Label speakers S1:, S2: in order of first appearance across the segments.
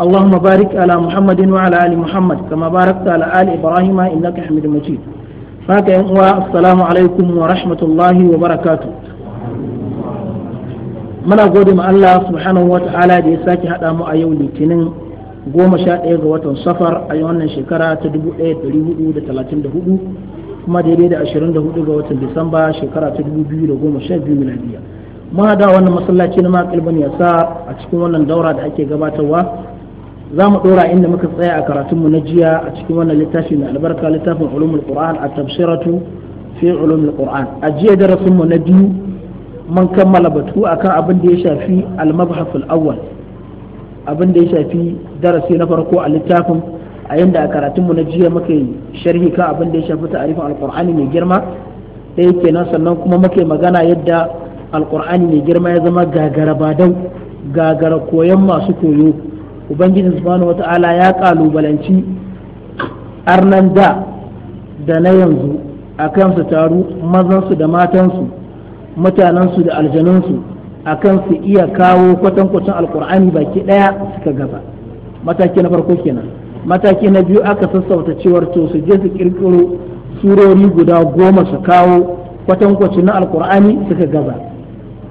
S1: اللهم بارك على محمد وعلى آل محمد كما باركت على آل إبراهيم إنك حميد مجيد فاك السلام عليكم ورحمة الله وبركاته muna gode ma Allah subhanahu wa ta'ala da ya sake haɗa mu a yau litinin goma sha ɗaya ga watan safar a wannan shekara ta hudu da talatin da hudu kuma daidai da ashirin da hudu ga watan disamba shekara ta biyu da goma sha biyu miladiya mun haɗa wannan masallaci na makil bani yasa a cikin wannan daura da ake gabatarwa za mu ɗora inda muka tsaya a karatunmu na jiya a cikin wannan littafi mai albarka littafin ulumul qur'an a tafsiratu fi ulumul qur'an a jiya darasinmu na biyu mun kammala batu akan abin da ya shafi al al awwal abin da ya shafi darasi na farko a littafin a yanda a karatunmu na jiya muka yi sharhi kan abin da ya shafi ta'arifin qurani mai girma yake kenan sannan kuma muke magana yadda al-qur'ani mai girma ya zama gagara badau gagara koyon masu koyo ubangiji subhanahu wata'ala ya kalubalanci arnan da da na yanzu a kan su taru mazansu da matansu mutanensu da aljanunsu a kan su iya kawo kwatankwacin alkur'ani baki ɗaya suka gaba mataki na farko kenan mataki na biyu aka sassauta cewar to su je su kirkiro surori guda goma su kawo kwatankwacin na alkur'ani suka gaba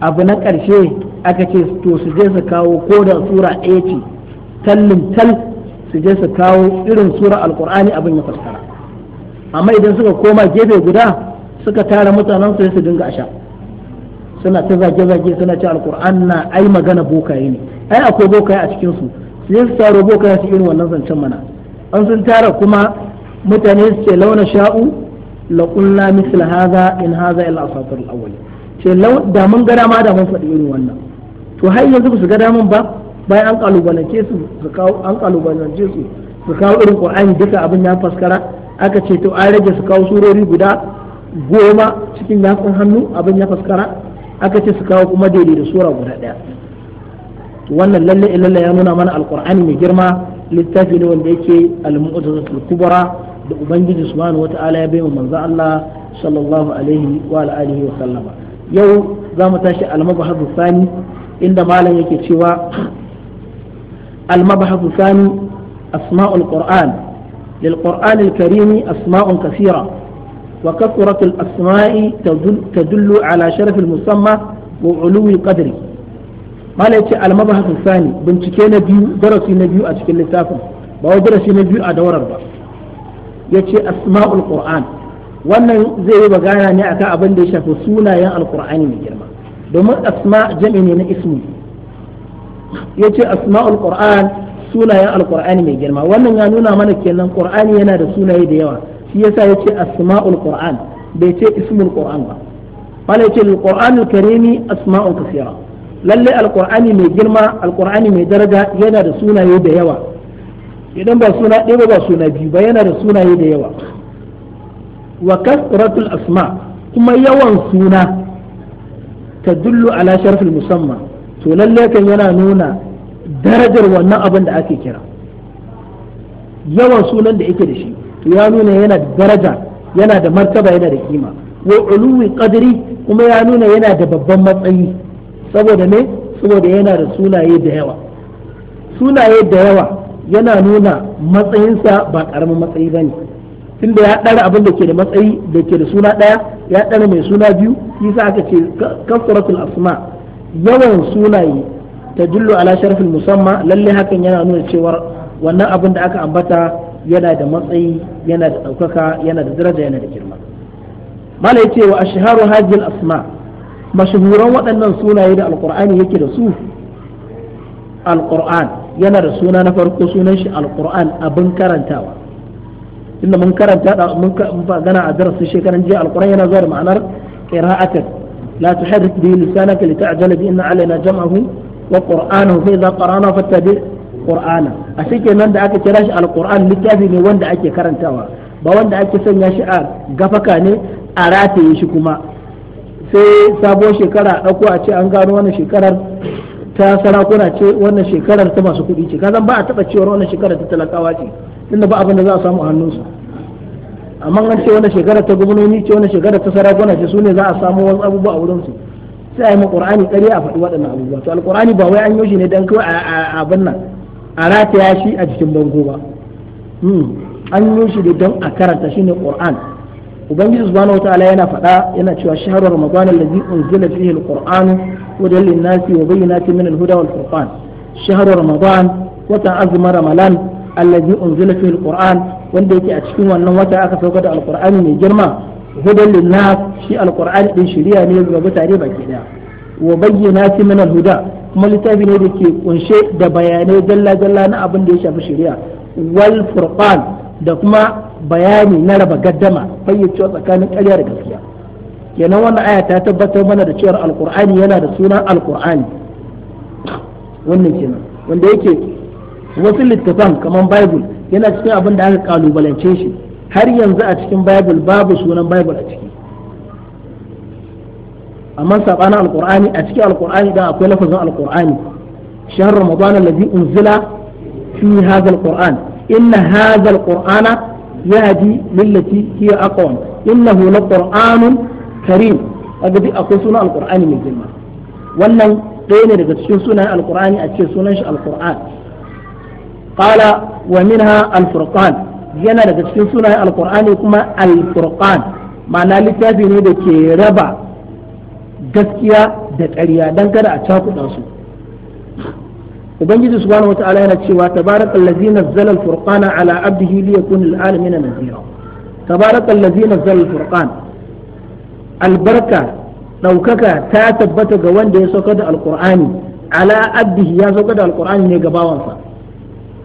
S1: abu na ƙarshe aka ce to su je su kawo ko da sura ɗaya ce tallin tal su je su kawo irin sura alkur'ani abin ya fassara amma idan suka koma gefe guda suka tara mutanen su su dinga asha suna ta zage-zage suna ce alkur'an na ai magana bokaye ne ai akwai bokaye a cikin su su je su taro bokaye su irin wannan zancen mana an sun tara kuma mutane su ce launa sha'u la qulna misla hadha in hadha illa asatir al-awwal ce da mun gada ma da mun faɗi irin wannan to har yanzu ba su ga daman ba bayan an kalubalance su su kawo an kalubalance su su kawo irin qur'ani duka abin ya faskara aka ce to an rage su kawo surori guda goma cikin yatsun hannu abin ya faskara aka ce su kawo kuma daidai da sura guda daya wannan lalle lalle ya nuna mana alqur'ani mai girma littafi ne wanda yake al kubra da ubangiji subhanahu wata'ala ya bai manzo Allah sallallahu alaihi wa alihi wa sallama yau za mu tashi al-mabahadhu thani inda malam yake cewa المبحث الثاني أسماء القرآن للقرآن الكريم أسماء كثيرة وكثرة الأسماء تدل, تدل على شرف المسمى وعلو قدره قال يتي المبحث الثاني بنتكي نبيو درسي نبيو أتكي لتافن باو درسي نبيو أدور الرب يتي أسماء القرآن wannan zai yi magana ne akan abin da ya shafi sunayen alkur'ani mai girma domin asma jami'i ne na ismi yace asma'ul qur'an sunayen alqur'ani mai girma wannan ya nuna mana kenan qur'ani yana da sunaye da yawa shi yasa yace asma'ul qur'an bai ce ismul qur'an ba wala yace alqur'anul karimi asma'un kaseera lalle alqur'ani mai girma alqur'ani mai daraja yana da sunaye da yawa idan ba suna ɗaya ba suna biyu ba yana da sunaye da yawa wa kasratul asma kuma yawan suna tadullu ala sharfil musamman to lalle kan yana nuna darajar wannan abin da ake kira yawan sunan da yake da shi to ya nuna yana da daraja yana da martaba yana da kima wa uluwi qadri kuma ya nuna yana da babban matsayi saboda ne saboda yana da sunaye da yawa sunaye da yawa yana nuna matsayinsa ba karamin matsayi bane tunda ya ɗara abin da ke da matsayi da ke da suna ɗaya ya ɗara mai suna biyu yasa aka ce kafaratul asma yawan sunaye ta jullu ala sharafin musamman lalle hakan yana nuna cewar wannan abin da aka ambata yana da matsayi yana da ɗaukaka yana da daraja yana da girma mala yace wa ashharu hadhihi asma mashhuran waɗannan sunaye da alqur'ani yake da su alqur'an yana da suna na farko sunan shi alqur'an abin karantawa inda mun karanta mun gana a darasin shekaran jiya alqur'an yana zuwa da ma'anar qira'atan لا تحرك به لسانك لتعجل به إن علينا جمعه وقرآنه فإذا قرأنا فاتبع قرآنا أشيك أن أكي تراش على القرآن لتافي من وند أكي كرنتاوا بوند أكي سنيا ne a rataye shi kuma sai sabuwar shekara ɗauko a ce an gano wannan shekarar ta sarakuna ce wannan shekarar ta masu kuɗi ce kazan ba a taɓa cewar wannan shekarar ta talakawa ce tunda ba abin da za a samu a hannunsu amma an ce wani shekara ta gwamnoni ce wani shekara ta sarakuna ce sune za a samu wasu abubuwa a wurin su sai a yi ƙur'ani ƙarya a faɗi waɗannan abubuwa to alqur'ani ba wai an yi shi ne dan kawai a abin nan a rataya shi a cikin bango ba hmm. an yi shi ne don a karanta shi ne qur'an ubangiji subhanahu wataala yana faɗa yana cewa shahru ramadan allazi unzila fihi alqur'an wa dalil nasi wa bayyinatin min alhuda wal-furqan shahru ramadan watan azumin ramalan. allazi unzila fil qur'an wanda yake a cikin wannan wata aka sauka da alqur'ani mai girma hudan linnas shi alqur'ani din shari'a ne ga mutane baki daya wa bayyinati min alhuda kuma littafi ne da ke kunshe da bayanai dalla dalla na abin da ya shafi shari'a wal furqan da kuma bayani na raba gaddama fayyacewa tsakanin ƙarya da gaskiya kenan wannan aya ta tabbatar mana da cewa alqur'ani yana da sunan alqur'ani wannan kenan wanda yake wasu littafan kamar bible yana cikin abin da aka kalubalance shi har yanzu a cikin bible babu sunan bible a ciki amma sabanin al'kur'ani a cikin al'kur'ani dan akwai lafazin alqur'ani shahr ramadan alladhi unzila fi hadha alqur'an inna hadha alqur'ana yahdi lillati hiya aqwam innahu laqur'anun karim kaga akwai sunan al'kur'ani mai girma wannan ɗaya ne daga cikin sunan al'kur'ani a ce sunan shi alqur'an qala wa minha al-furqan yana daga cikin sunayen alqur'ani kuma al-furqan ma'ana littafi ne da ke raba gaskiya da ƙarya dan kada a cakuɗa su ubangiji subhanahu wataala yana cewa tabarakal ladzi nazzala al ala abdihi liyakuna lil alamin nadhira tabarakal nazzala albarka daukaka ta tabbata ga wanda ya sauka da alqur'ani ala abdihi ya sauka da alqur'ani ne ga bawansa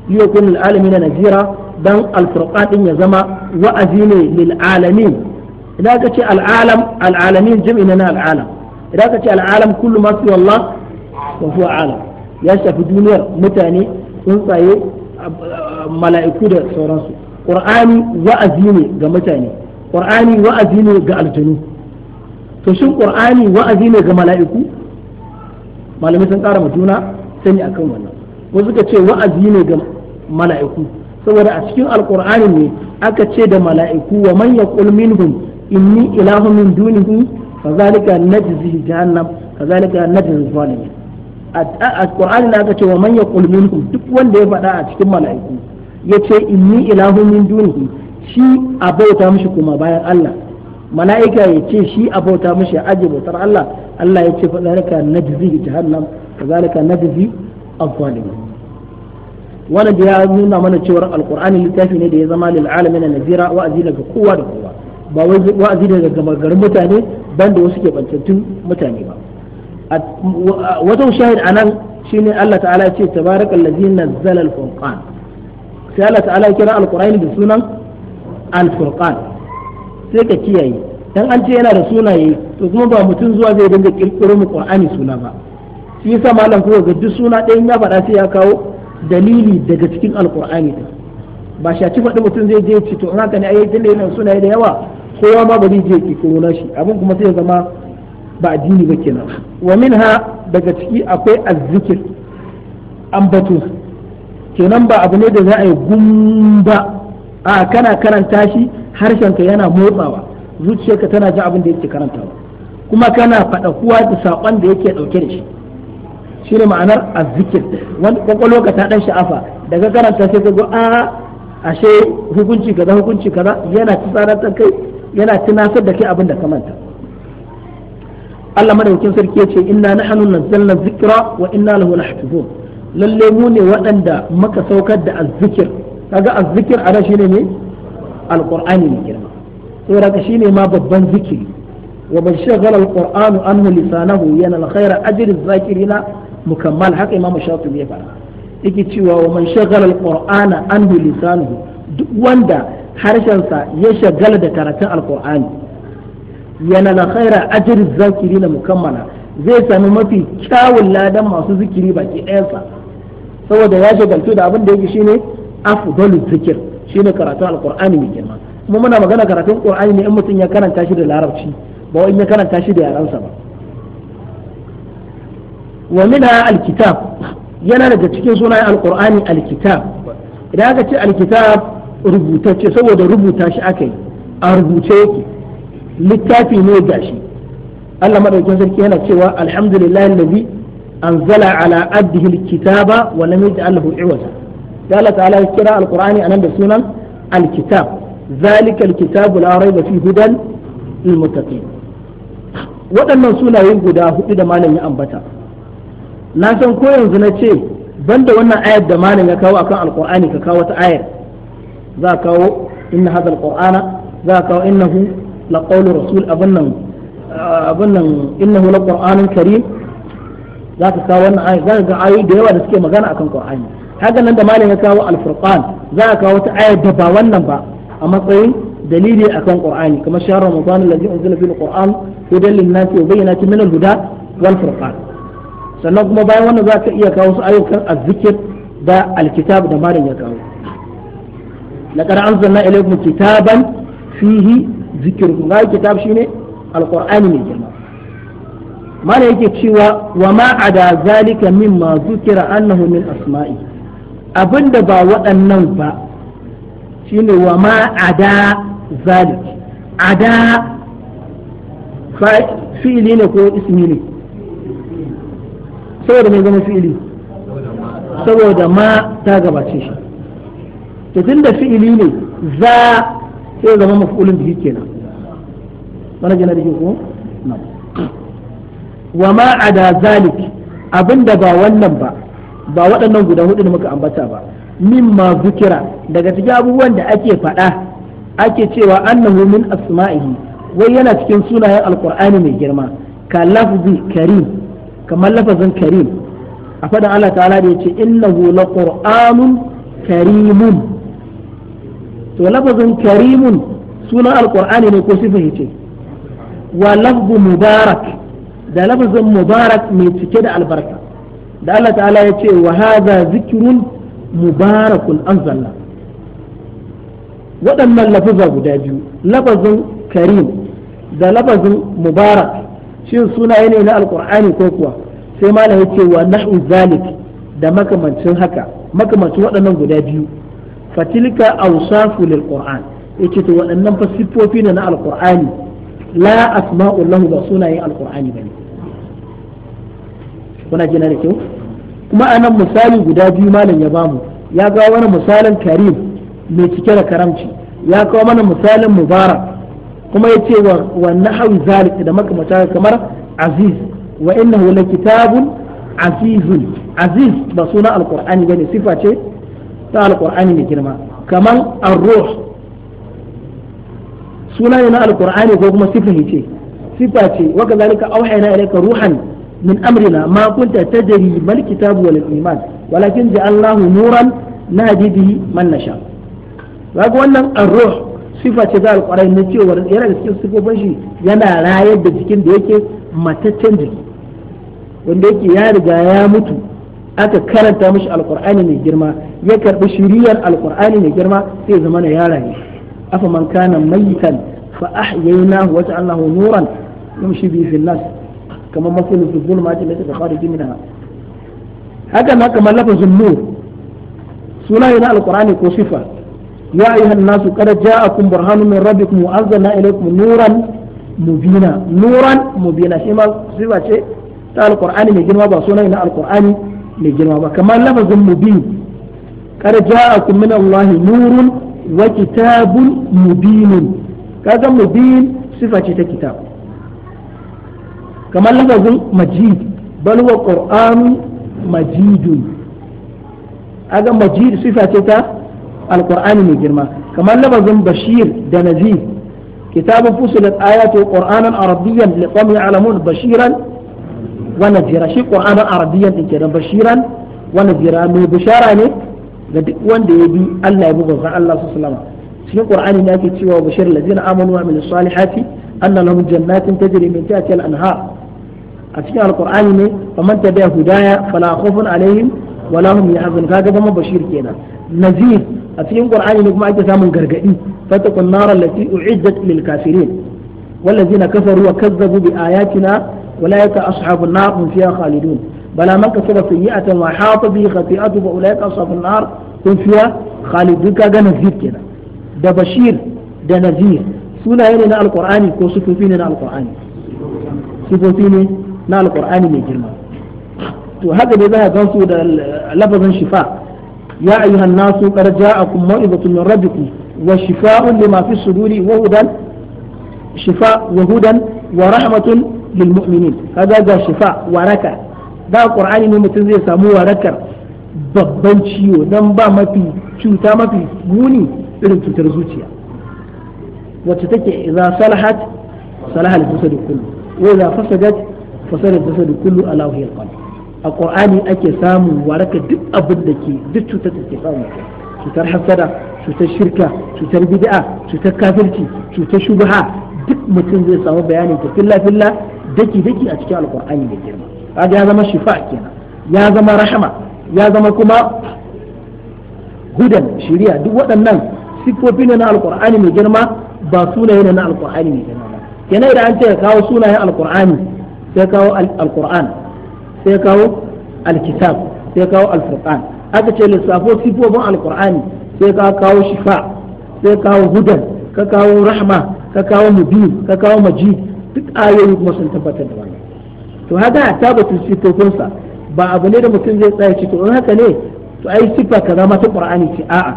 S1: liyakun lil alamin nazira dan alfurqan din ya zama wa'azi ne lil alamin idan ka ce al alam al alamin jami'i na al alam idan ka ce al alam kullu ma fi wallah wa huwa alam ya shafi duniyar mutane tsuntsaye mala'iku da sauransu qur'ani wa'azi ne ga mutane qur'ani wa'azi ne ga aljanu to shin qur'ani wa'azi ne ga mala'iku malamai sun kara ma juna sani akan wannan wasu ka ce wa'azi ne ga mala'iku saboda a cikin alqur'ani ne aka ce da mala'iku wa man yaqul minhum inni ilahu min dunihi kazalika najzi jahannam zalika najzi zalimin a qur'ani ne aka ce wa man yaqul minhum duk wanda ya faɗa a cikin mala'iku yace inni ilahu min dunihi shi a bauta mishi kuma bayan Allah mala'ika ya ce shi a bauta mishi aje bautar Allah Allah ya ce fadaraka najzi jahannam zalika najzi al-zalimin wannan da ya nuna mana cewar al'kur'ani littafi ne da ya zama lil alamin nazira wa'azi daga kowa da kowa ba wai wa'azi daga gamagarin mutane ban da wasu kebantattun mutane ba wata shahid anan shine Allah ta'ala ya ce tabarakallazi nazzala alfurqan sai Allah ta'ala ya kira alqur'ani da sunan al sai ka kiyaye dan an ce yana da sunaye to kuma ba mutum zuwa zai dinga kirkiro mu qur'ani suna ba shi yasa malam ko ga duk suna ɗayan ya faɗa sai ya kawo dalili daga cikin alkur'ani ta ba a ci faɗi mutum zai je ci to haka ne yi dalilin nan suna da yawa kowa ma ba zai je kikiro na shi abin kuma sai zama ba addini ba kenan wa ha daga ciki akwai azzikir batu kenan ba abu ne da za a yi gumba a kana karanta shi harshenka yana motsawa zuciyarka tana ji abin da yake karantawa kuma kana faɗa kowa da saƙon da yake ɗauke da shi shi ma'anar azzikir wani kwakwalwa ka ta dan sha'afa daga karanta sai ka a ashe hukunci kaza hukunci kaza yana tsarantar kai yana tunasar da kai abin da ka manta Allah madaukakin sarki yace inna nahnu nazzalna dhikra wa inna lahu lahafizun lalle mu ne waɗanda muka saukar da azzikir kaga azzikir a shine ne alqur'ani ne girma saboda ka shine ma babban zikiri wa man shaghala alqur'anu anhu lisanahu yana alkhaira ajri zakirina mukammal haka imamu shafi ya faɗa yake cewa wa man shagala alqur'ana anhu lisanuhu duk wanda harshen sa ya shagala da karatun alqur'ani yana la khaira ajri zakirin mukammala zai sami mafi kyawun ladan masu zikiri baki ɗayansa saboda ya shagaltu da abin da yake shine afdalu zikir shine karatun alqur'ani mai girma kuma muna magana karatun qur'ani ne in mutum ya karanta shi da larabci ba in ya karanta shi da yaransa ba wa minha alkitab yana daga cikin sunayen alkur'ani alkitab idan aka ce alkitab rubutacce saboda rubuta shi aka yi a rubuce yake littafi ne gashi Allah madaukakin sarki yana cewa alhamdulillahi allazi anzala ala abdihi kitaba wa lam yaj'al lahu iwaja da Allah ta'ala ya kira a anan da sunan alkitab zalika alkitabu la rayba fi hudan lil waɗannan sunaye guda hudu da malamin ambata na san ko yanzu na ce banda wannan ayar da malam ya kawo akan alqur'ani ka kawo wata ayar za ka kawo inna hadha alqur'ana za ka kawo innahu laqawlu rasul abun nan abun nan innahu laqur'anun karim za ka kawo wannan ayar za ka ga ayoyi da yawa da suke magana akan qur'ani haka nan da malam ya kawo alfurqan za ka kawo wata ayar da ba wannan ba a matsayin dalili akan qur'ani kamar shahar ramadan allazi unzila fihi alquran hudan lin-nasi wa bayyinatin min al-huda wal furqan sannan kuma bayan wannan za ka iya kawo su ayyukan azikir da alkitab da malam ya kawo laqad anzalna ilaykum kitaban fihi zikrukum ga kitab shine alqur'ani mai girma malam yake cewa wa ma ada zalika mimma zukira annahu min asma'i abinda ba waɗannan ba shine wa ma ada zalik ada fi'ili ne ko ismi ne saboda mai zama fi'ili
S2: saboda ma ta gabace shi
S1: to tun da fi'ili ne za sai zama maf'ulun bihi kenan wani gina da ko wa ma a da zalik abinda ba wannan ba ba waɗannan guda hudu da muka ambata ba min ma zukira daga cikin abubuwan da ake faɗa ake cewa annahu min asma'ihi wai yana cikin sunayen Alƙur'ani mai girma ka lafzi karim kamar lafazin karim a faɗin Allah ta'ala da yace innahu laqur'anun karimun to lafazin karimun sunan alqur'ani ne ko sifa yace wa lafzu mubarak da lafazin mubarak mai cike da albarka da Allah ta'ala ce wa hadha zikrun mubarakun anzalna waɗannan lafaza guda biyu lafazin karim da lafazin mubarak shin sunaye ne na alkur'ani ko kuwa sai malam ce wa na zalik da makamancin haka makamancin waɗannan guda biyu fatilka awsafu lil qur'an ce to waɗannan fa siffofi ne na alkur'ani la asma'u lahu ba sunayen ba bane kuna jina da kyau kuma anan misali guda biyu malam ya bamu ya ga wani misalin karim mai cike da karamci ya kawo mana misalin mubarak kuma ya ce wa nahawi zalik da makamata kamar aziz wa innahu kitabun azizun aziz ba suna alqur'ani bane sifa ce ta alqur'ani mai girma kamar ar-ruh suna ne na alqur'ani ko kuma sifa ce sifa ce wa kazalika auhayna ilayka ruhan min amrina ma kunta tadri mal kitabu wal iman walakin ja'alnahu nuran nahdi bihi man nasha wannan ar-ruh sifa ce ta alƙwarai na cewar yana da cikin sifofin shi yana rayar da jikin da yake mataccen jiki wanda yake ya riga ya mutu aka karanta mashi alƙur'ani mai girma ya karɓi shiriyar alƙur'ani mai girma sai zama na yara ne afa man kana mayitan fa ahyaynahu wa ja'alnahu nuran yamshi bi fil nas kamar masalin fi zulmati lati takharijun minha haka ma kamar lafazin nur suna yana alƙur'ani ko sifa يا أيها الناس قد جاءكم برهان من ربكم وأنزلنا إليكم نورا مبينا نورا مبينا شما سوى شيء تعالى القرآن من جنوة بصونا إلى القرآن من جنوة كما لفظ مبين قد جاءكم من الله نور وكتاب مبين هذا مبين صفة كتاب كما لفظ مجيد بل هو قرآن مجيد هذا مجيد صفة كتاب alƙur'ani mai girma kamar labazin bashir da nazir kitabun fusilat aya qur'anan arabiyyan li qawmin ya'lamun bashiran shi qur'anan arabiyyan din kenan bashiran wa nazira mai bishara ne ga wanda ya bi Allah ya bi manzon Allah sallallahu alaihi wasallam cikin qur'ani ne ake cewa bashir ladina amanu wa amilus salihati anna lahum jannatin tajri min tahtiha al-anhar a cikin alqur'ani ne faman tabi'a hudaya fala khawfun alaihim wala hum yahzanun kaga zama bashir kenan nazir a cikin qur'ani ne kuma ake samun gargadi fatakun nar allati u'iddat lil kafirin wallazina kafaru wa kazzabu bi ayatina ulaika ashabun nar hum fiha khalidun bala man kasaba sayyi'atan wa hata bi khati'atu fa ulaika ashabun nar hum fiha khalidun kaga nazir kenan da bashir da nazir sunaye ne na alqur'ani ko sufufi ne na alqur'ani sufufi ne na alqur'ani mai girma to haka dai za a gansu da lafazin shifa يا أيها الناس قد جاءكم موعظة من ربكم وشفاء لما في الصدور وهدى شفاء وهدى ورحمة للمؤمنين هذا جاء شفاء وركة da qur'ani ne mutum zai samu warakar babban ciwo dan ba mafi cuta mafi muni irin cutar zuciya wacce take idza salahat salaha al-jasad kullu wa idza fasadat fasada al kullu ala wahiya al a qur'ani ake samun waraka duk abin da ke duk cutar da ke samu cutar hasada cutar shirka cutar bid'a cutar kafirci cutar shubha duk mutum zai samu bayanin ta filla filla daki daki a cikin alqur'ani mai girma kaga ya zama shifa kenan ya zama rahama ya zama kuma hudan shiriya duk waɗannan siffofi ne na alqur'ani mai girma ba sunaye ne na alqur'ani mai girma ba kenan idan an ce kawo sunayen alqur'ani sai kawo alqur'an sai kawo alkitab sai kawo alfurqan aka ce lissafo sifofin alqur'ani sai ka kawo shifa sai kawo hudan ka kawo rahma ka kawo mubin ka kawo maji duk ayoyi kuma sun tabbatar da wannan to haka tabbatar sifofin sifofinsa ba abu ne da mutum zai tsaya ci to in haka ne to ai sifa kaza ma ta qur'ani ce a'a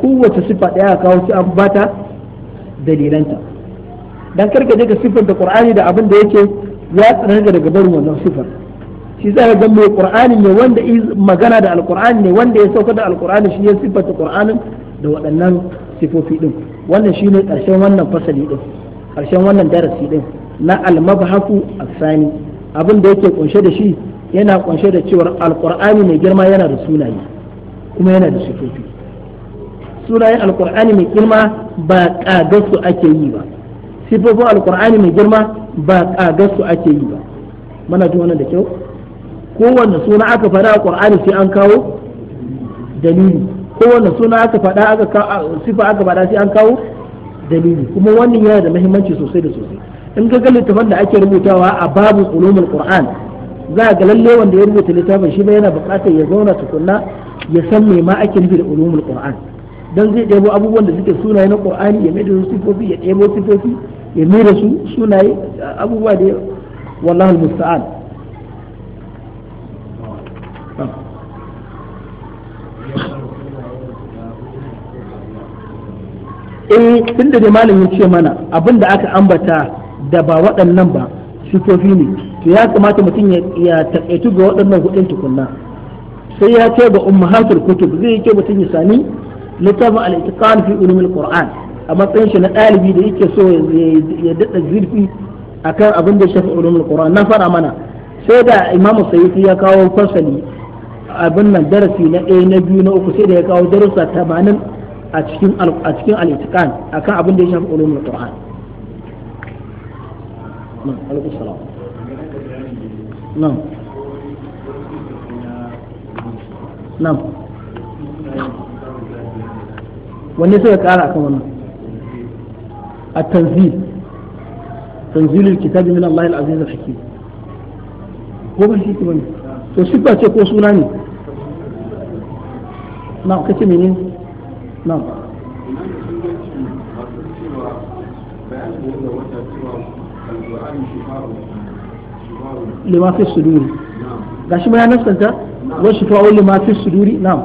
S1: kowace sifa daya kawo sai an bata dalilanta dan karka je ka sifar da qur'ani da abin da yake ya tsare daga barin wannan sifar shi za ka ga mai qur'ani ne wanda magana da alqur'ani ne wanda ya sauka da alqur'ani shi ya sifata qur'anin da waɗannan sifofi din wannan shine ƙarshen wannan fasali din ƙarshen wannan darasi din na al sani abin da yake kunshe da shi yana kunshe da cewar alqur'ani mai girma yana da sunaye kuma yana da sifofi sunayen alqur'ani mai girma ba kagarsu ake yi ba sifofin alqur'ani mai girma ba kagarsu ake yi ba mana ji wannan da kyau kowanne suna aka faɗa a ƙur'ani sai an kawo dalili kowanne suna aka fada aka sifa aka faɗa sai an kawo dalili kuma wannan yana da mahimmanci sosai da sosai in ga tafan da ake rubutawa a babu ulumul qur'an za ga lalle wanda ya rubuta littafin shi ba yana buƙatar ya zauna tukunna ya san me ma ake nufi da ulumul qur'an dan zai ɗebo abubuwan da suke sunaye na qur'ani ya mai da su sifofi ya ɗebo sifofi ya mai da su sunaye abubuwa da wallahu musta'an eh tunda da malamin ce mana abin da aka ambata da ba waɗannan ba sifofi ne to ya kamata mutum ya taƙaitu ga waɗannan hudun tukunna sai ya ce ga ummahatul kutub zai yake mutum ya sani littafin al fi ulumul qur'an a matsayin shi na ɗalibi da yake so ya daɗa zurfi akan abin da shafi ulumul qur'an na fara mana sai da imam sayyidi ya kawo fasali abin nan darasi na ɗaya na biyu na uku sai da ya kawo darussa tamanin a cikin a cikin al-itiqan akan abin da ya shafi ulumul qur'an nan alaikum salam nan nan wanne kara akan wannan
S2: at-tanzil
S1: ko ba nan
S2: lima fi suduri shi ma ya wani wa shifa'u lima fi suduri na'am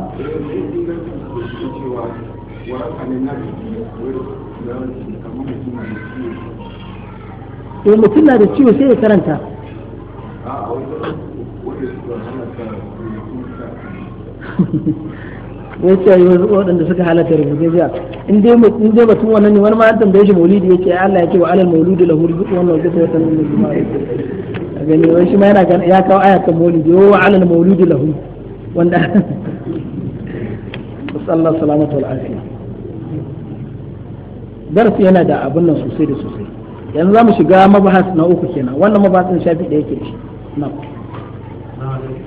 S1: eh mutum na da ciwo sai ya karanta ya ce yanzu waɗanda suka halatta rubutun jiya in dai in dai batun wannan ne wani ma an tambaye shi maulidi yake Allah ya ce wa alal mauludi lahu rizqu wannan kace wata nan ne a gani wai shi ma yana gani ya kawo ayatan maulidi wa alal mauludi lahu wanda sallallahu salamatu wal afiya darasi yana da abin nan sosai da sosai yanzu za mu shiga mabahas na uku kenan wannan mabahasin shafi da yake shi na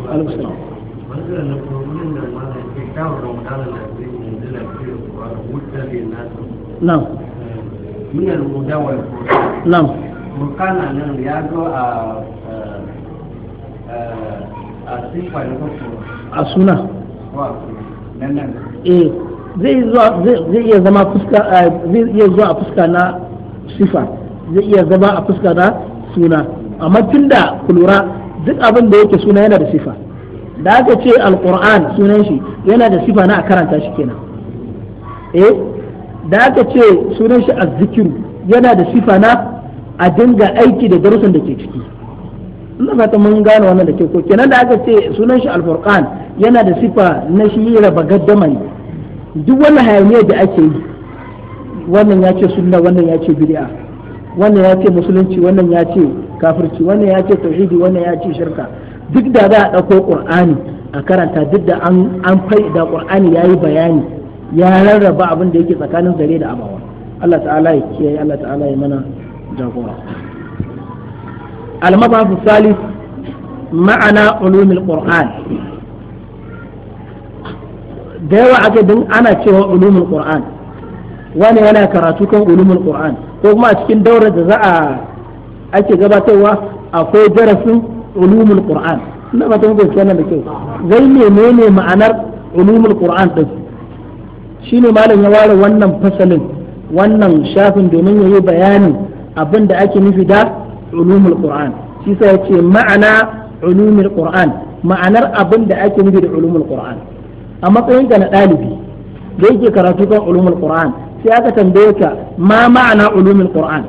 S1: alaikum salam نعم
S2: من المدى والقرآن نعم وكان أن يدعو الصفة
S1: السنة eh zai zuwa zai iya zama fuska zai iya zuwa a fuska na sifa zai iya zama a fuska na suna amma tunda kulura duk abinda ya yake suna yana da sifa da aka ce alkur'an sunan shi yana da sifa na a karanta shi kenan eh da aka ce sunan shi azzikir yana da sifa na a dinga aiki da darussan da ke ciki ina fata mun gane wannan da ke ko kenan da aka ce sunan shi alkur'an yana da sifa na shi yira gaddama ne duk wannan hayaniyar da ake yi wannan ya ce sunna wannan ya ce bid'a wannan ya ce musulunci wannan ya ce kafirci wannan ya ce tauhidi wannan ya ce shirka duk da za a ɗauko ƙur'ani a karanta duk da an fai da ƙur'ani ya yi bayani ya rarraba abin da yake tsakanin zare da abawa Allah ta'ala ya kiyaye Allah ta'ala ya mana jagora al salis ma'ana ulumul qur'an da yawa ake din ana cewa ulumul qur'an wani yana karatu kan ulumul qur'an ko kuma a cikin daurar da za a ake gabatarwa akwai darasin ulumul qur'an ina ba ta mu gaskiya nan da kyau ne menene ma'anar ulumul qur'an din shine malam ya ware wannan fasalin wannan shafin domin ya yi bayani abin da ake nufi da ulumul qur'an shi sai yace ma'ana ulumul qur'an ma'anar abin da ake nufi da ulumul qur'an a matsayin ka na dalibi da yake karatu kan ulumul qur'an sai aka tambaye ka ma ma'ana ulumul qur'an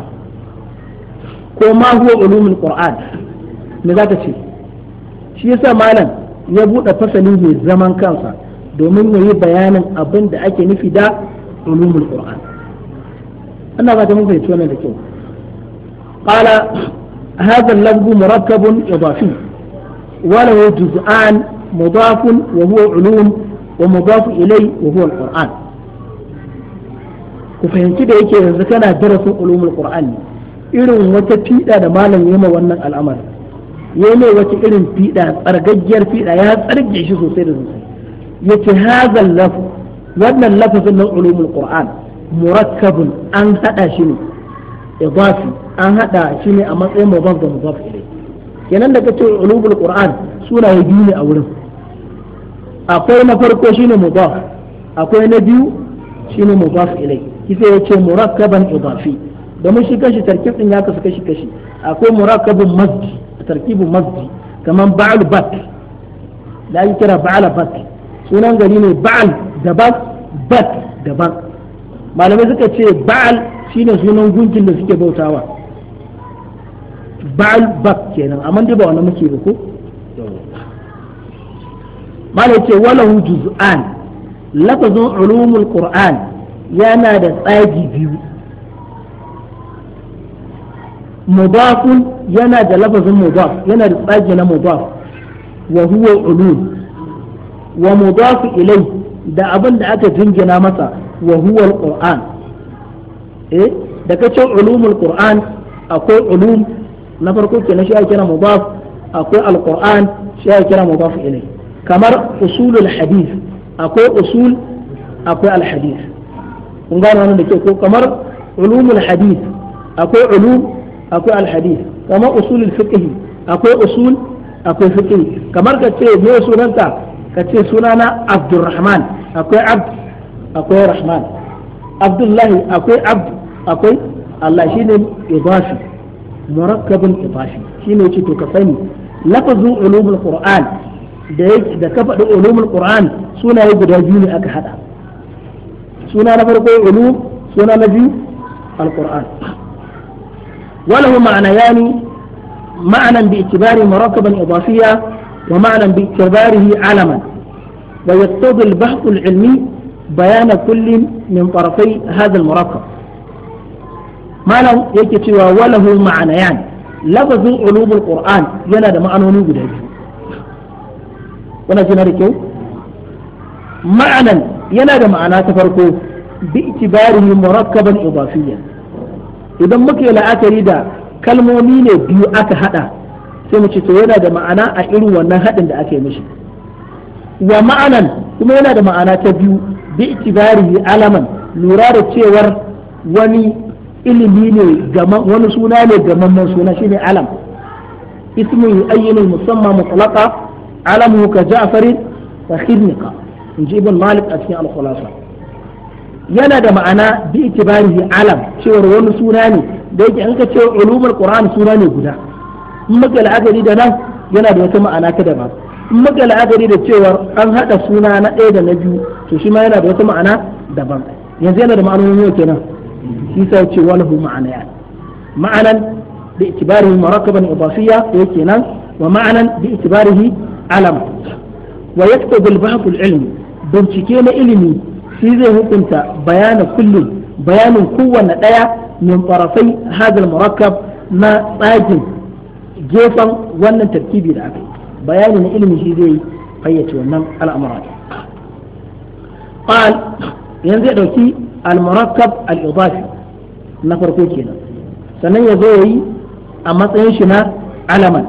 S1: ko ma huwa ulumul qur'an me za ta ce shi yasa malam ya buɗe fasali mai zaman kansa domin ya yi bayanin abin da ake nufi da ulumul qur'an ana ba ta mun fahimci wannan da kyau qala hadha al-lafz murakkabun idafi wa lahu juz'an mudaf wa huwa ulum wa mudaf ilay wa huwa al-qur'an ku fahimci da yake yanzu kana darasin ulumul qur'an ne irin wata fiɗa da malam yema wannan al'amarin ya ne wata irin fiɗa tsargaggiyar fiɗa ya tsarge shi sosai da sosai ya ce hazan lafu wannan lafazin na ulumul qur'an murakkabun an haɗa shi ne idafi an haɗa shi ne a matsayin mudaf da mubaf ilai kenan da kace ulumul qur'an ya biyu ne a wurin akwai na farko shine mudaf akwai na biyu shine mudaf ilai kisa ce murakkaban idafi domin shi kashi tarkibin ya kasu kashi kashi akwai murakkabun masjid tarkibu mazdi kamar ba'al bat da ake kira ba'al bat sunan gari ne ba'al daban bat daban malamai suka ce ba'al shine sunan gunkin da suke bautawa ba'al bat kenan amma dai ba wannan muke ba ko malai ce walahu juz'an lafazin ulumul qur'an yana da tsagi biyu mudafun yana da lafazin mudaf yana da tsage na mudaf wa huwa ulul wa mudafu ilai da abin da aka jingina masa wa huwa alquran eh da kace ulumul qur'an akwai ulum na farko kenan shi ake kira mudaf akwai alquran shi ake kira mudaf ilai kamar usulul hadith akwai usul akwai alhadith kun gane wannan da ke ko kamar ulumul hadith akwai ulum akwai alhadis kamar usulul fiqh akwai usul akwai fiqh kamar ka ce me sunanta ka ce sunana abdurrahman akwai abd akwai rahman abdullahi akwai abd akwai Allah shine idafi murakkabun idafi shine yace to ka sani lafazin ulumul qur'an da da ka faɗi ulumul qur'an sunaye guda biyu ne aka hada suna na farko ulum suna na biyu alqur'an وله معنيان معنى باعتباره مركبا إضافيا ومعنى باعتباره علما ويقتضي البحث العلمي بيان كل من طرفي هذا المركب ما له يكتوى وله معنيان لفظ علوم القرآن ينادى معنى نوجد wannan jina da kyau ma'anan معنى da باعتباره مركبا إضافيا idan muka yi la'akari da kalmomi ne biyu aka hada sai mu ce to yana da ma'ana a irin wannan hadin da aka yi mishi wa ma'anan kuma yana da ma'ana ta biyu bi itibari alaman lura da cewar wani ilimi ne wani suna ne gamamman suna shine alam ismu ayyinul musamman mutlaqa alamu ka ja'farin wa khidnika in ji ibn malik a cikin al-khulasa yana da ma'ana bi itibarihi alam cewar wani suna ne da yake an ka ce ulumul qur'an suna ne guda in muka la'akari da nan yana da wata ma'ana ta daban in muka la'akari da cewar an hada suna na ɗaya da na biyu to shi ma yana da wata ma'ana daban yanzu yana da ma'anoni yau kenan shi sai ce ma'ana ma'anaya ma'anan bi itibarihi marakaban idafiyya yake nan wa ma'anan bi itibarihi alam wa yaqtadul bahth al-ilm bincike na ilimi shi zai hukunta bayanin kullum bayanin kowanne ɗaya min farafai hadal murakkab na tsagin gefen wannan tarkibi da aka bayani na ilimi shi zai fayyace wannan al'amura qal yanzu ya dauki al-murakkab al-idafi na farko kenan sannan ya zo yayi a matsayin shi na alaman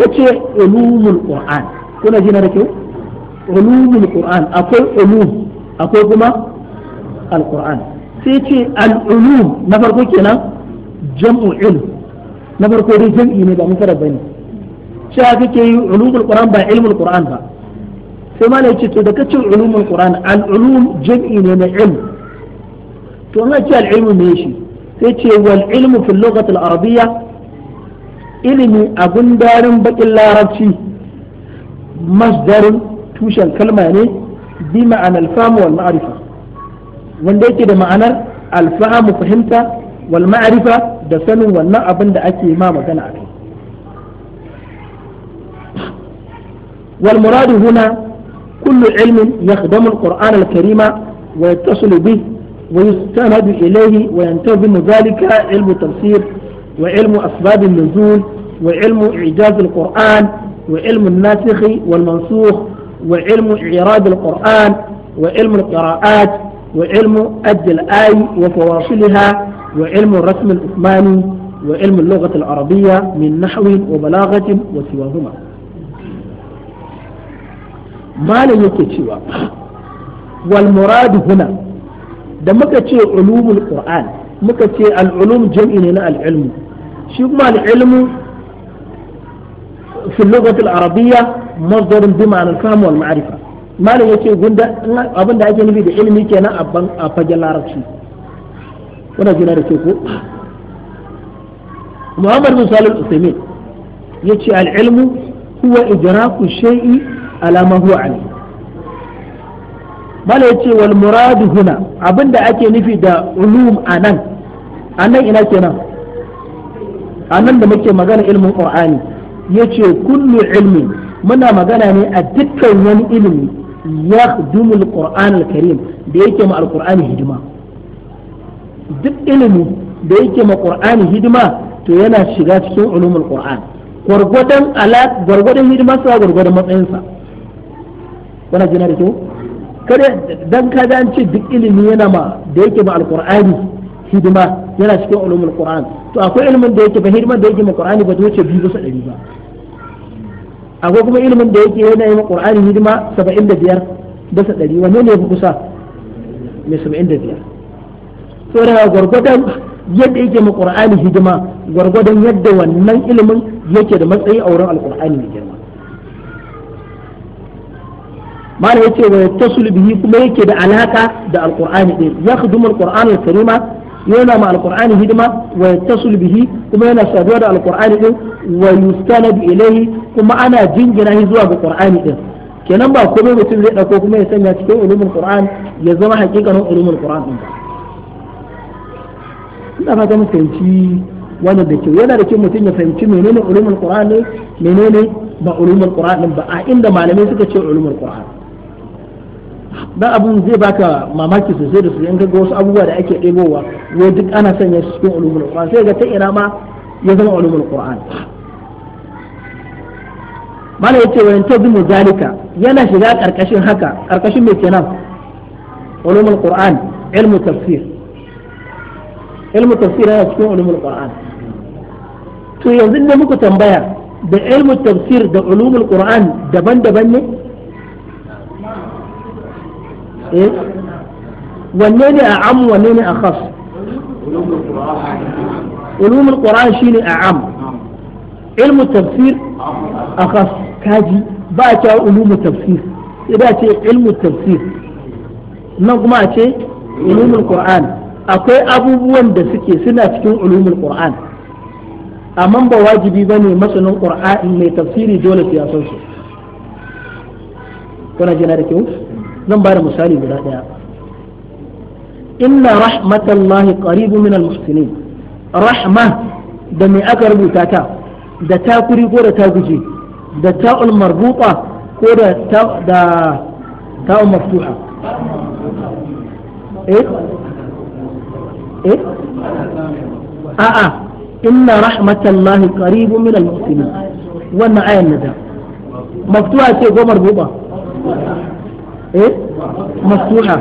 S1: kace ulumul qur'an kuna jina da kyau ulumul qur'an akwai ulum akwai kuma alquran sai ce al'ulum na farko kenan jam'u ilm na farko dai jam'i ne ba mufarad bane cewa ke yi ulumul qur'an ba ilmul qur'an ba sai ma ce to da kace ulumul qur'an al'ulum jam'i ne na ilm to an ce al'ilmu me shi sai ce wal ilmu fil lughati al arabiyya ilimi abun darin bakin larabci masdarin tushen kalma ne بمعنى الفهم والمعرفة وانديك ده معنى الفهم فهمت والمعرفة ده سنو ونا أبن ده أكي ما مغانا والمراد هنا كل علم يخدم القرآن الكريم ويتصل به ويستند إليه وينتظم ذلك علم التفسير وعلم أسباب النزول وعلم إعجاز القرآن وعلم الناسخ والمنسوخ وعلم إعراب القرآن وعلم القراءات وعلم أد الآي وفواصلها وعلم الرسم العثماني وعلم اللغة العربية من نحو وبلاغة وسواهما ما لم يكتشوا والمراد هنا da muka ce ulumul qur'an muka ce al-ulum jam'i ne na al shi kuma al في اللغة العربية مصدر بمعنى الفهم والمعرفة ما لا يكي غندا أبن دا أجنبي دا علمي كينا أبن أفجل العربي ونا جينا ركيكو محمد بن صالح الأسلمين يكي العلم هو إدراك الشيء على ما هو عليه ما لا يكي والمراد هنا أبن دا أجنبي دا علوم أنا أنا إنا كينا anan da مكي magana علم qur'ani yace kullu ilmi muna magana ne a dukkan wani ilimi ya dumul qur'an al-karim da yake ma al-qur'ani hidima duk ilimi da yake ma qur'ani hidima to yana shiga cikin ulumul qur'an gwargwadon ala gwargwadon hidimarsa gwargwadon matsayinsa wannan jina da kyau kada dan ka an ce duk ilimi yana ma da yake ma al-qur'ani hidima yana cikin ulumul qur'an to akwai ilimin da yake ba da yake ma qur'ani ba zai wuce biyu bisa ɗari ba akwai kuma ilimin da yake yana yin ma qur'ani hidima 75 da biyar bisa ɗari wanne ne fi kusa mai 75 da biyar to daga gwargwadon yadda yake ma qur'ani hidima gwargwadon yadda wannan ilimin yake da matsayi a wurin alqur'ani mai girma mana yace wa yattasul bihi kuma yake da alaka da alqur'ani din ya khudumul al karima yana ma alqur'ani hidima wa yattasul bihi kuma yana saduwa da alqur'ani din wa yustanad ilayhi kuma ana jingina shi zuwa ga qur'ani din kenan ba komai mutum zai dauko kuma ya sanya cikin ulumul qur'an ya zama hakikanin ulumul qur'an din ba ina fata mu fahimci wannan da kyau yana da kyau mutum ya fahimci menene ulumul ne menene ba ulumul qur'an din ba a inda malamai suka ce ulumul qur'an dan abun zai baka mamaki sosai da su in ga wasu abubuwa da ake ɗebowa wai duk ana sanya su cikin ulumul qur'an sai ga ta ina ma ya zama ulumul qur'an mala yace wa yantazimu zalika yana shiga karkashin haka karkashin me kenan ulumul qur'an ilmu tafsir ilmu tafsir yana cikin ulumul qur'an to yanzu da muku tambaya da ilmu tafsir da ulumul qur'an daban-daban ne e wanne ne a am wanne ne a khas
S2: ulumul qur'an shine a am
S1: ilmu tafsir a khas kaji ba a cewa ulumul tafsir idan ce ilmu tafsir nan kuma a ce ulumul qur'an akwai abubuwan da suke suna cikin ulumul qur'an amma ba wajibi ba ne masanin qur'ani mai tafsiri dole su ya su kuna jina da kyau zan ba da misali guda ɗaya inna rahmatallahi qaribu min almuhsinin rahma da mai aka rubuta ta da ta kuri ko da ta guje da ta'ul marbuta ko da da ta'ul maftuha eh eh a'a inna rahmatallahi qaribu min almuhsinin wannan ayan nada maftuha ce ko marbuta
S2: eh masuha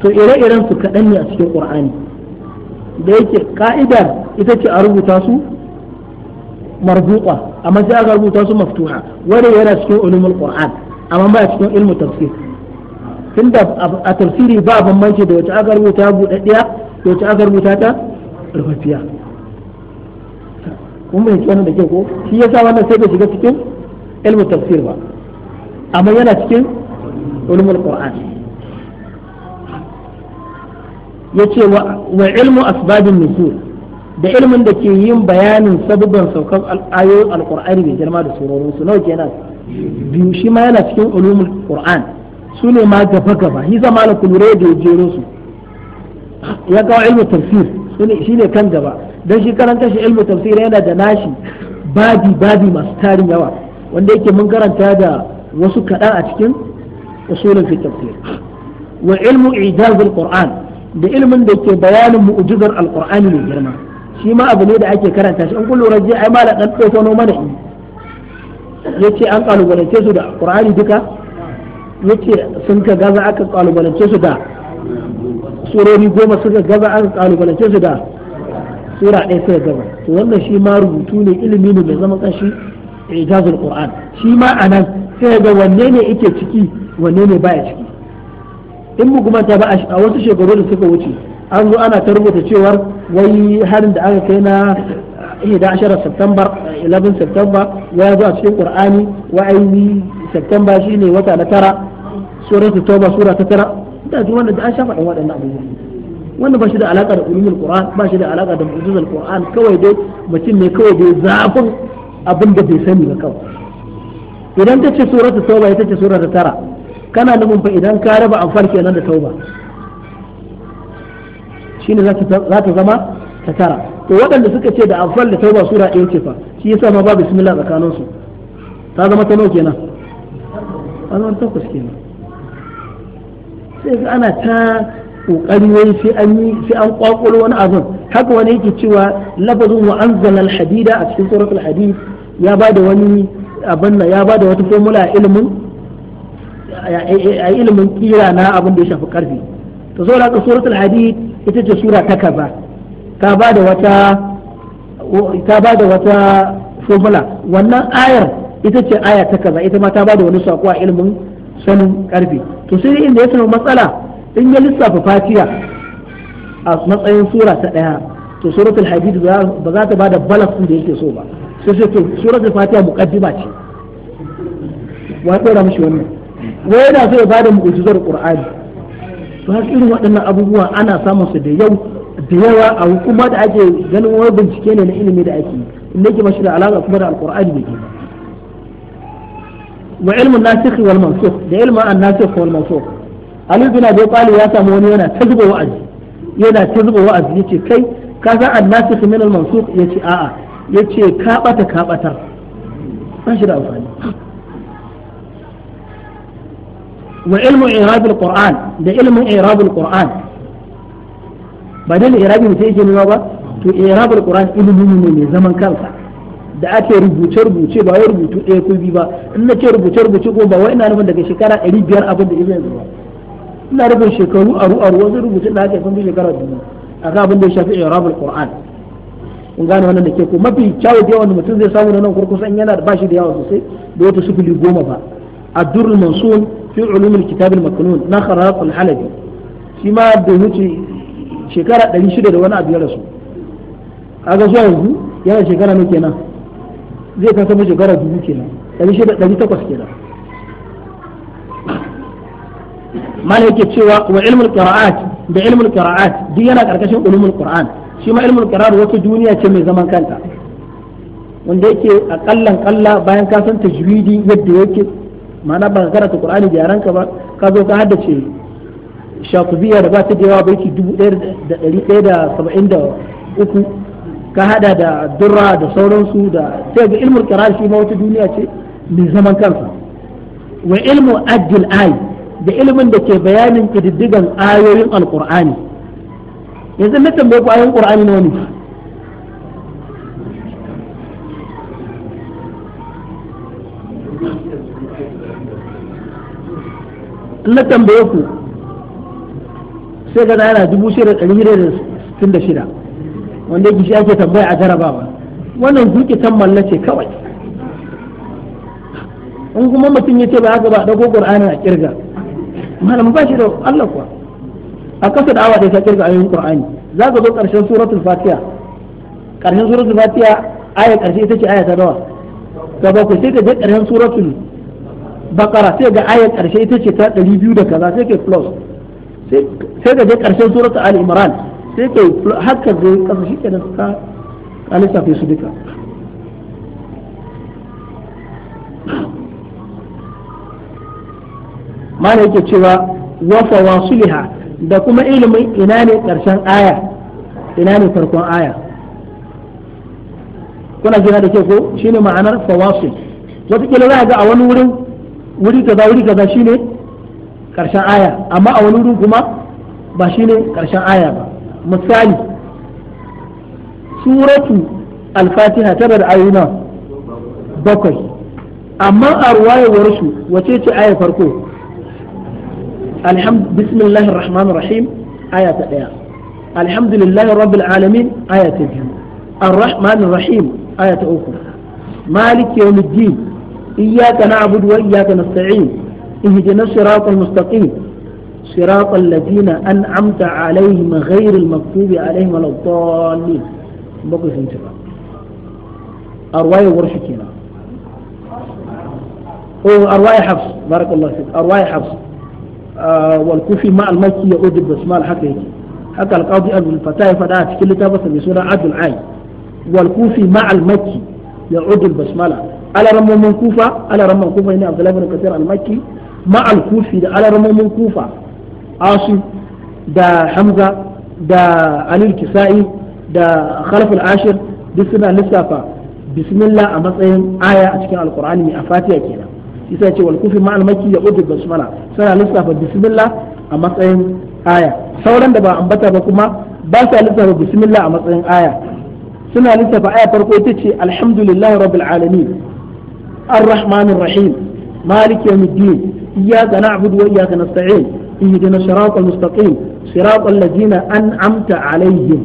S1: to ire-iren su kaɗan ne a cikin ƙur'ani da yake ka'idar ita ce a rubuta su marbuqa amma sai aka rubuta su maftuha wanda yana cikin ulumul qur'an amma ba cikin ilmu tafsir tunda a tafsiri ba bambanci da wacce aka rubuta buɗaɗɗiya da wacce aka rubuta ta rufaffiya kun bai wannan da kyau ko shi yasa wannan sai bai shiga cikin ilmu tafsir ba amma yana cikin علم القرآن yace wa ilmu asbabin nuzul da ilmin da ke yin bayanin sabubban saukar ayoyin alqur'ani mai girma da sauraron su nawa kenan biyu shi ma yana cikin ulumul qur'an su ne ma gaba gaba shi zama da kulure da jero su ya kawo ilmu tafsir shi ne kan gaba dan shi karanta shi ilmu tafsir yana da nashi babi babi masu tarin yawa wanda yake mun karanta da wasu kaɗan a cikin usulun fi tafsir wa ilmu ijaz alquran da ilmin da ke bayanin mu'jizar alqur'ani mai girma shi ma abu ne da ake karanta shi in kun lura je ai mala dan tsofo noma da yi yace an kalubalance su da qur'ani duka yace sun ka gaza aka kalubalance su da surori goma sun ka gaza aka kalubalance su da sura ɗaya suka gaza to wannan shi ma rubutu ne ilimi ne mai zaman kanshi ijazul qur'an shi ma anan sai ga wanne ne yake ciki wanne ne baya ciki in mu kuma ba a wasu shekaru da suka wuce an zo ana ta rubuta cewar wai harin da aka kai na 11 eh, September 11 September ya zo a cikin Qur'ani wa ai September shine wata na tara suratul Tauba sura ta tara da ji wanda an shafa dan waɗannan abubuwa wannan ba shi da alaka da ulumul Qur'an ba shi da alaka da mu'jizul Qur'an kawai dai mutum ne kawai dai zafin abin da bai sani ba kawai idan ta ce suratul Tauba ita ce sura ta tara kana nufin fa idan ka raba amfani kenan da tauba shine za ta zama ta tara to waɗanda suka ce da anfal da tauba sura ɗaya ce fa shi yasa ma ba bismillah tsakanin su ta zama ta nawa kenan ta zama takwas kenan sai ana ta kokari wai sai an yi sai an kwakwalo wani abin haka wani yake cewa lafazin wa anzala alhadida a cikin suratul hadid ya bada wani abin ya bada wata formula ilimin a ilimin kira na abin da ya shafi karfi ta zo da suratul hadid ita ce sura ta kaza ta ba da wata ta ba wata formula wannan ayar ita ce aya ta kaza ita ma ta ba da wani sako a ilimin sanin karfi to sai inda ya samu matsala in ya lissafa fatiya a matsayin sura ta daya to suratul hadid ba za ta ba da balas da yake so ba sai sai to suratul fatiha muqaddima ce wa tsora mishi wannan wai yana so ya bada mu'ujizar qur'ani to haka irin waɗannan abubuwa ana samun su da yau da yawa a hukuma da ake ganin wani bincike ne na ilimi da ake in nake mashi da alaƙa kuma da alqur'ani ne wa ilmun nasikh wal mansukh da ilmun an-nasikh wal mansukh Ali bin Abi Talib ya samu wani yana ta zuba wa'azi yana ta zuba wa'azi yace kai ka san an-nasikh min al-mansukh yace a'a yace ka bata ka batar shi da amfani wa ilmu القرآن ده da إعراب القرآن بدل ba dan i'rabi mutai yake nuna ba to من qur'an ilimi ne mai zaman da ake rubuce rubuce ba wai rubutu ɗaya ko biyu ba in na ce rubuce rubuce ko ba wai ina nufin daga shekara 500 abin da yake yanzu ba ina nufin shekaru aru aru wasu rubutun da ake san shekara a akan abin da ya shafi i'rabul qur'an in gane wannan da ke ko mafi kyawu da yawan mutum zai samu nan kurkusan yana da bashi da yawa sosai da wata sufuli goma ba durin mansun fi ulumul kitab al-maknun na kharaf al-halabi shi ma da shekara 600 da wani abu ya rasu kaga zuwa shekara ne kenan zai kasa shekara dubu kenan 600 kenan mana yake cewa wa ilmul qira'at da ilmul qira'at duk yana karkashin ulumul qur'an shi ma ilmul qira'at wata duniya ce mai zaman kanta wanda yake a kallan kalla bayan ka san tajwidi yadda yake ma'ana ba ka karanta qur'ani da yaranka ba ka zo ka haddace shafi'iyya da ba ta da yawa da uku ka haɗa da durra da sauransu da sai ga ilmul qira'a shi ma wata duniya ce mai zaman kansa wa ilmu addil ai da ilimin da ke bayanin kididdigan ayoyin alqur'ani yanzu na tambayi ku ayoyin qur'ani wani. na tambaye ku sai ga naira dubu shida ɗari hira da sittin da shida wanda gishi ake tambaya a jarabawa wannan zuƙitan malla ce kawai in kuma mutum ya ce ba haka ba ɗago ƙur'anin a ƙirga malamin ba shi da Allah kuwa a kasa da awa da ta ƙirga ayoyin ƙur'ani za ka zo ƙarshen suratul fatiha ƙarshen suratul fatiha aya ƙarshe ita ce aya ta dawa ka ba ku sai ka je ƙarshen suratul bakara sai ga ayar karshe ita ce ta 200 da kaza sai kai plus sai ga je karshen suratul ali imran sai kai haka ga kasa shi kenan ka alisafe su duka mana yake cewa fa wasuliha da kuma ilimin ina ne karshen aya ina ne farkon aya kuna jira da ke ko shine ma'anar fawasil kila za ga a wani wurin wuri kaza wuri kaza shine karshen aya amma a wani wurin kuma ba shine karshen aya ba misali suratu al-fatiha tana da ayuna bakwai amma a ruwayewar su wace ce aya farko alhamdu bismillahir rahmanir rahim aya ta daya alhamdulillahi rabbil alamin aya ta biyu الرحمن rahim آية أخرى مالك يوم الدين إياك نعبد وإياك نستعين اهدنا الصراط المستقيم صراط الذين أنعمت عليهم غير المكتوب عليهم ولا الضالين بقي في انتباه أرواية ورشكينا أرواية حفص بارك الله فيك أرواية حفص آه، والكوفي مع المكي يؤدي بسمال حكي حتى القاضي أبو الفتاة فدعت كل تابة بسورة عدل عين والكوفي مع المكي يعود البسملة على رمم من كوفة على رمم من كوفة هنا عبد الله بن كثير المكي مع الكوفي على رمم من كوفة عاصم دا حمزة دا علي الكسائي دا خلف العاشر بسنا لسافة بسم الله أمسهم آية أشكال القرآن من isa ce wal kufi ma'al maki ya udu suna lissafa bismillah a matsayin aya sauran da ba bata ba kuma ba sa lissafa bismillah a matsayin aya suna lissafa aya farko ita ce alhamdulillah rabbil الرحمن الرحيم مالك يوم الدين إياك نعبد وإياك نستعين اهدنا الصراط المستقيم صراط الذين أنعمت عليهم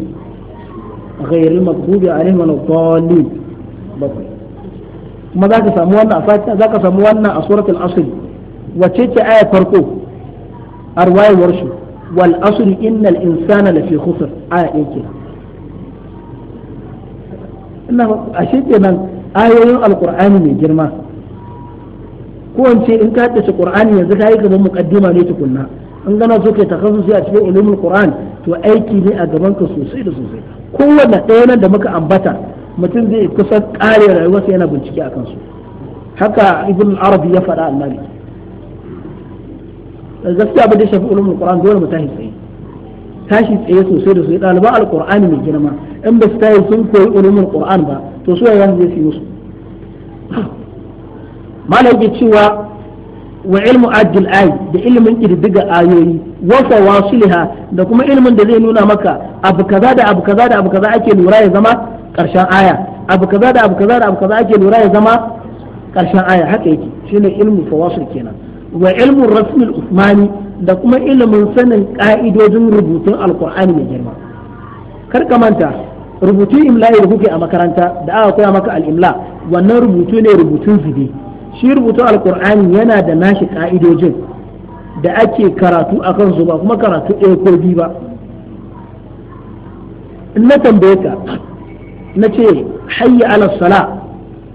S1: غير المغضوب عليهم ولا الضالين kuma za ka samu wannan a fatiha za ka samu wannan a suratul asr wace ce aya farko a shi wal asr innal insana lafi khusr aya ɗaya kenan ina ashe kenan ayoyin alkur'ani mai girma ko in ka haddace qur'ani yanzu kai gaban muqaddima ne tukunna in gana so kai takhassusi a cikin ulumul qur'an to aiki ne a gaban ka sosai da sosai kowanne ɗaya nan da muka ambata mutum zai kusa kare rayuwarsa yana bincike akan su haka ibn arabi ya faɗa annabi gaskiya ba da shafi ulumul qur'an dole mu tahi tashi tsaye sosai da su ɗaliba alƙur'ani mai girma in ba su tayi sun koyi ulumin ƙur'an ba to su yanzu zai su musu malai ke cewa wa ilmu adil ayi da ilimin ƙididdiga ayoyi wa fawasiliha da kuma ilmin da zai nuna maka abu kaza da abu kaza da abu kaza ake lura ya zama ƙarshen aya abu kaza da abu kaza da abu kaza ake lura ya zama ƙarshen aya haka yake shine ilmu fawasil kenan wa ilmin rasmi usmani da kuma ilimin sanin ka'idojin rubutun alkur'ani mai girma kar ka manta rubutun imla'i da kuke a makaranta da aka koya maka al'imla wannan rubutu ne rubutun zube shi rubutun alkur'ani yana da nashi ka'idojin da ake karatu a kan ba kuma karatu ɗaya ko biyu ba in na tambaye ka na ce hayya ala sala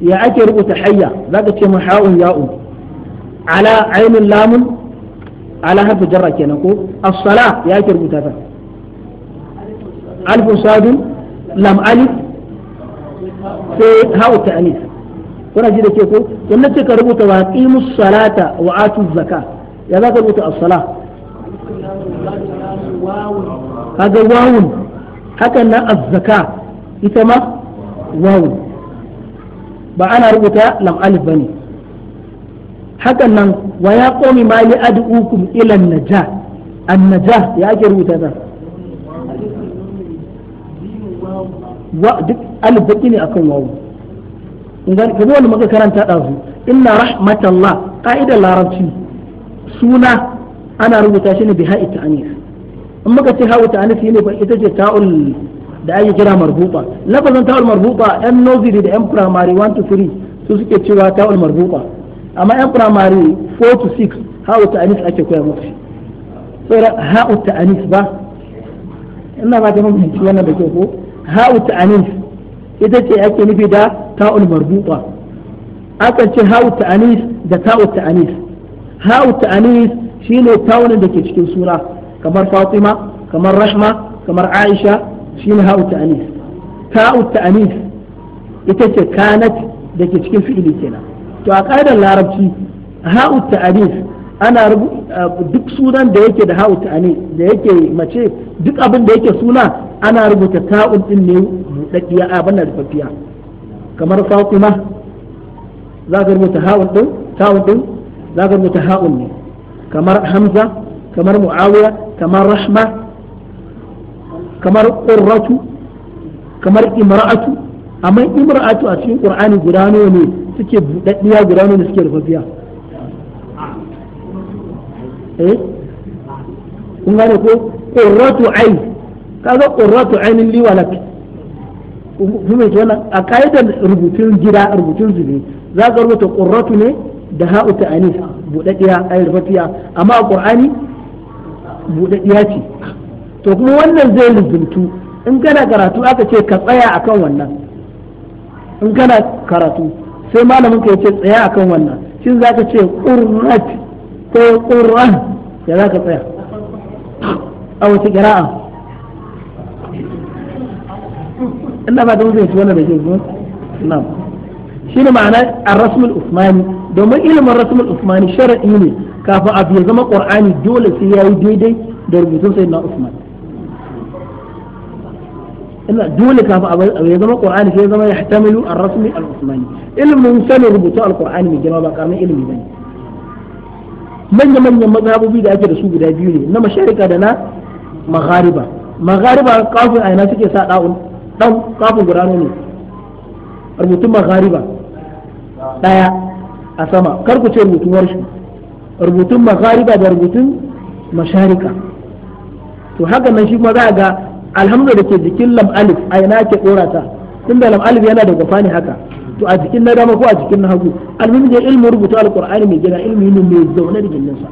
S1: ya ake rubuta hayya za ka ce mahawun ya'u ala ainun lamun ala harfi jarra kenan ko as-sala ya ke rubuta ta alfun sadun lam alif sai ha'u ta'alif kuna ji da ke ko in nace ka rubuta wa qimus salata wa atu ya za ka rubuta as-sala
S2: wawun
S1: hakan zaka ita ma wawun ba ana rubuta lam bane hakan nan wa ya komi ma li ad'ukum ila an-najah an-najah ya ake rubuta ta wa duk alif baki ne akan wawu idan kaje wani muka karanta da dazu inna rahmatallah qaida larabci suna ana rubuta shi ne bi ha'i ta'anis in muka ce ha'u ta'anis ne ba ita ce ta'ul da ake kira marbuta lafazin ta'ul marbuta yan noziri da yan primary 1 to 3 su suke cewa ta'ul marbuta amma yan firamare 4 to 6 ha'u ta'anis ake koya musu shi saboda ha'u ta'anis ba ina ba ta fahimci wannan da ke ko ha'u ta'anis ita ce ake nufi da ta'ul marbuta akan ce ha'u ta'anis da ta'u ta'anis ha'u ta'anis shine ta'un da ke cikin sura kamar Fatima kamar Rahma kamar Aisha shine ha'u ta'anis ta'u ta'anis ita ce kanat da ke cikin fi'ili kenan to a ƙa'idar larabci ha'u ta'anif ana duk sunan da yake da ha'u ta'ani da yake mace duk abin da yake suna ana rubuta ta'un din ne buɗaɗɗiya abin da rufaffiya kamar fatima za ka rubuta ha'un din ta'un din za ka rubuta ha'un ne kamar hamza kamar muawiya kamar rahma kamar qurratu kamar imra'atu amma imra'atu a cikin qur'ani guda ne suke buɗaɗɗiya guda nawa ne suke rufaffiya
S2: eh kun gane ko qurratu ayn
S1: kaga qurratu aynin liwa walak kuma ce wannan a kaidar rubutun gida rubutun zubi za ka rubuta qurratu ne da ha'u ta'anis buɗaɗɗiya ai rufaffiya amma a qur'ani buɗaɗɗiya ce to kuma wannan zai lizuntu in kana karatu aka ce ka tsaya akan wannan in kana karatu sai malamin ka ce tsaya akan wannan shi za ka ce ƙurrat ko ƙurran ya za ka tsaya a wata qira'a ina ba ta wuce shi wannan da ke zuwa na shi ne ma'ana a rasmul usmani domin ilimin rasmul usmani shara'i ne kafin abu ya zama ƙur'ani dole sai ya yi daidai da rubutun na usman ina dole kafa abu ya zama qur'ani sai ya zama yahtamilu ar-rasmi al-usmani ilmin sanin rubutu al-qur'ani mai girma ba karamin ilimi bane manya manyan mazhabobi da ake da su guda biyu na masharika da na maghariba maghariba kafin aina suke sa da'un dan kafin guda ne rubutun maghariba daya a sama kar ku ce rubutun rubutun maghariba da rubutun masharika to haka na shi ma za a ga alhamdu da ke jikin lam alif a ina ke dora ta tunda lam alif yana da gafani haka to a jikin na dama ko a jikin na hagu alhamdu da ilmin rubuta alkur'ani mai gida ilmi ne mai zaune da gindin sa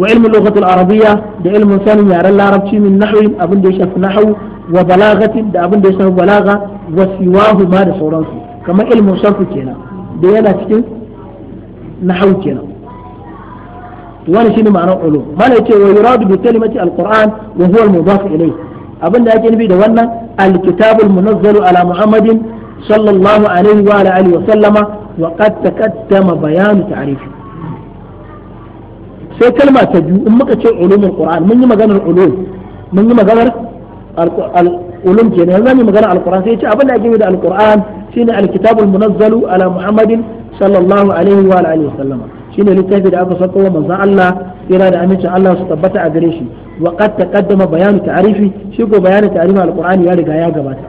S1: wa ilmin lokacin arabiya da ilmin sanin yaren larabci min nahwi abin da ya shafi nahu wa balagatin da abin da ya shafi balaga wa siwahu ma da sauransu kamar ilmin sarfu kenan da yana cikin nahwu kenan wani shine ma'anar ulum malai ce wa yuradu bi kalimati alquran wa huwa almudaf ilayh abinda yake nufi da wannan alkitabul munazzalu ala muhammadin sallallahu alaihi wa ala alihi wa sallama wa qad taqaddama bayanu ta'rifi sai kalma ta biyu in muka ce ulumul qur'an mun yi maganar ulum mun yi maganar ulum kenan yanzu zamu yi maganar alquran sai ce abinda ake nufi da alquran shine alkitabul munazzalu ala muhammadin sallallahu alaihi wa ala alihi wa sallama shine littafi da aka sako wa manzon Allah yana da amincin Allah su tabbata a gare shi wa qad taqaddama bayanu ta'rifi shi ko bayanin ta'rifin alqur'ani ya riga ya gabata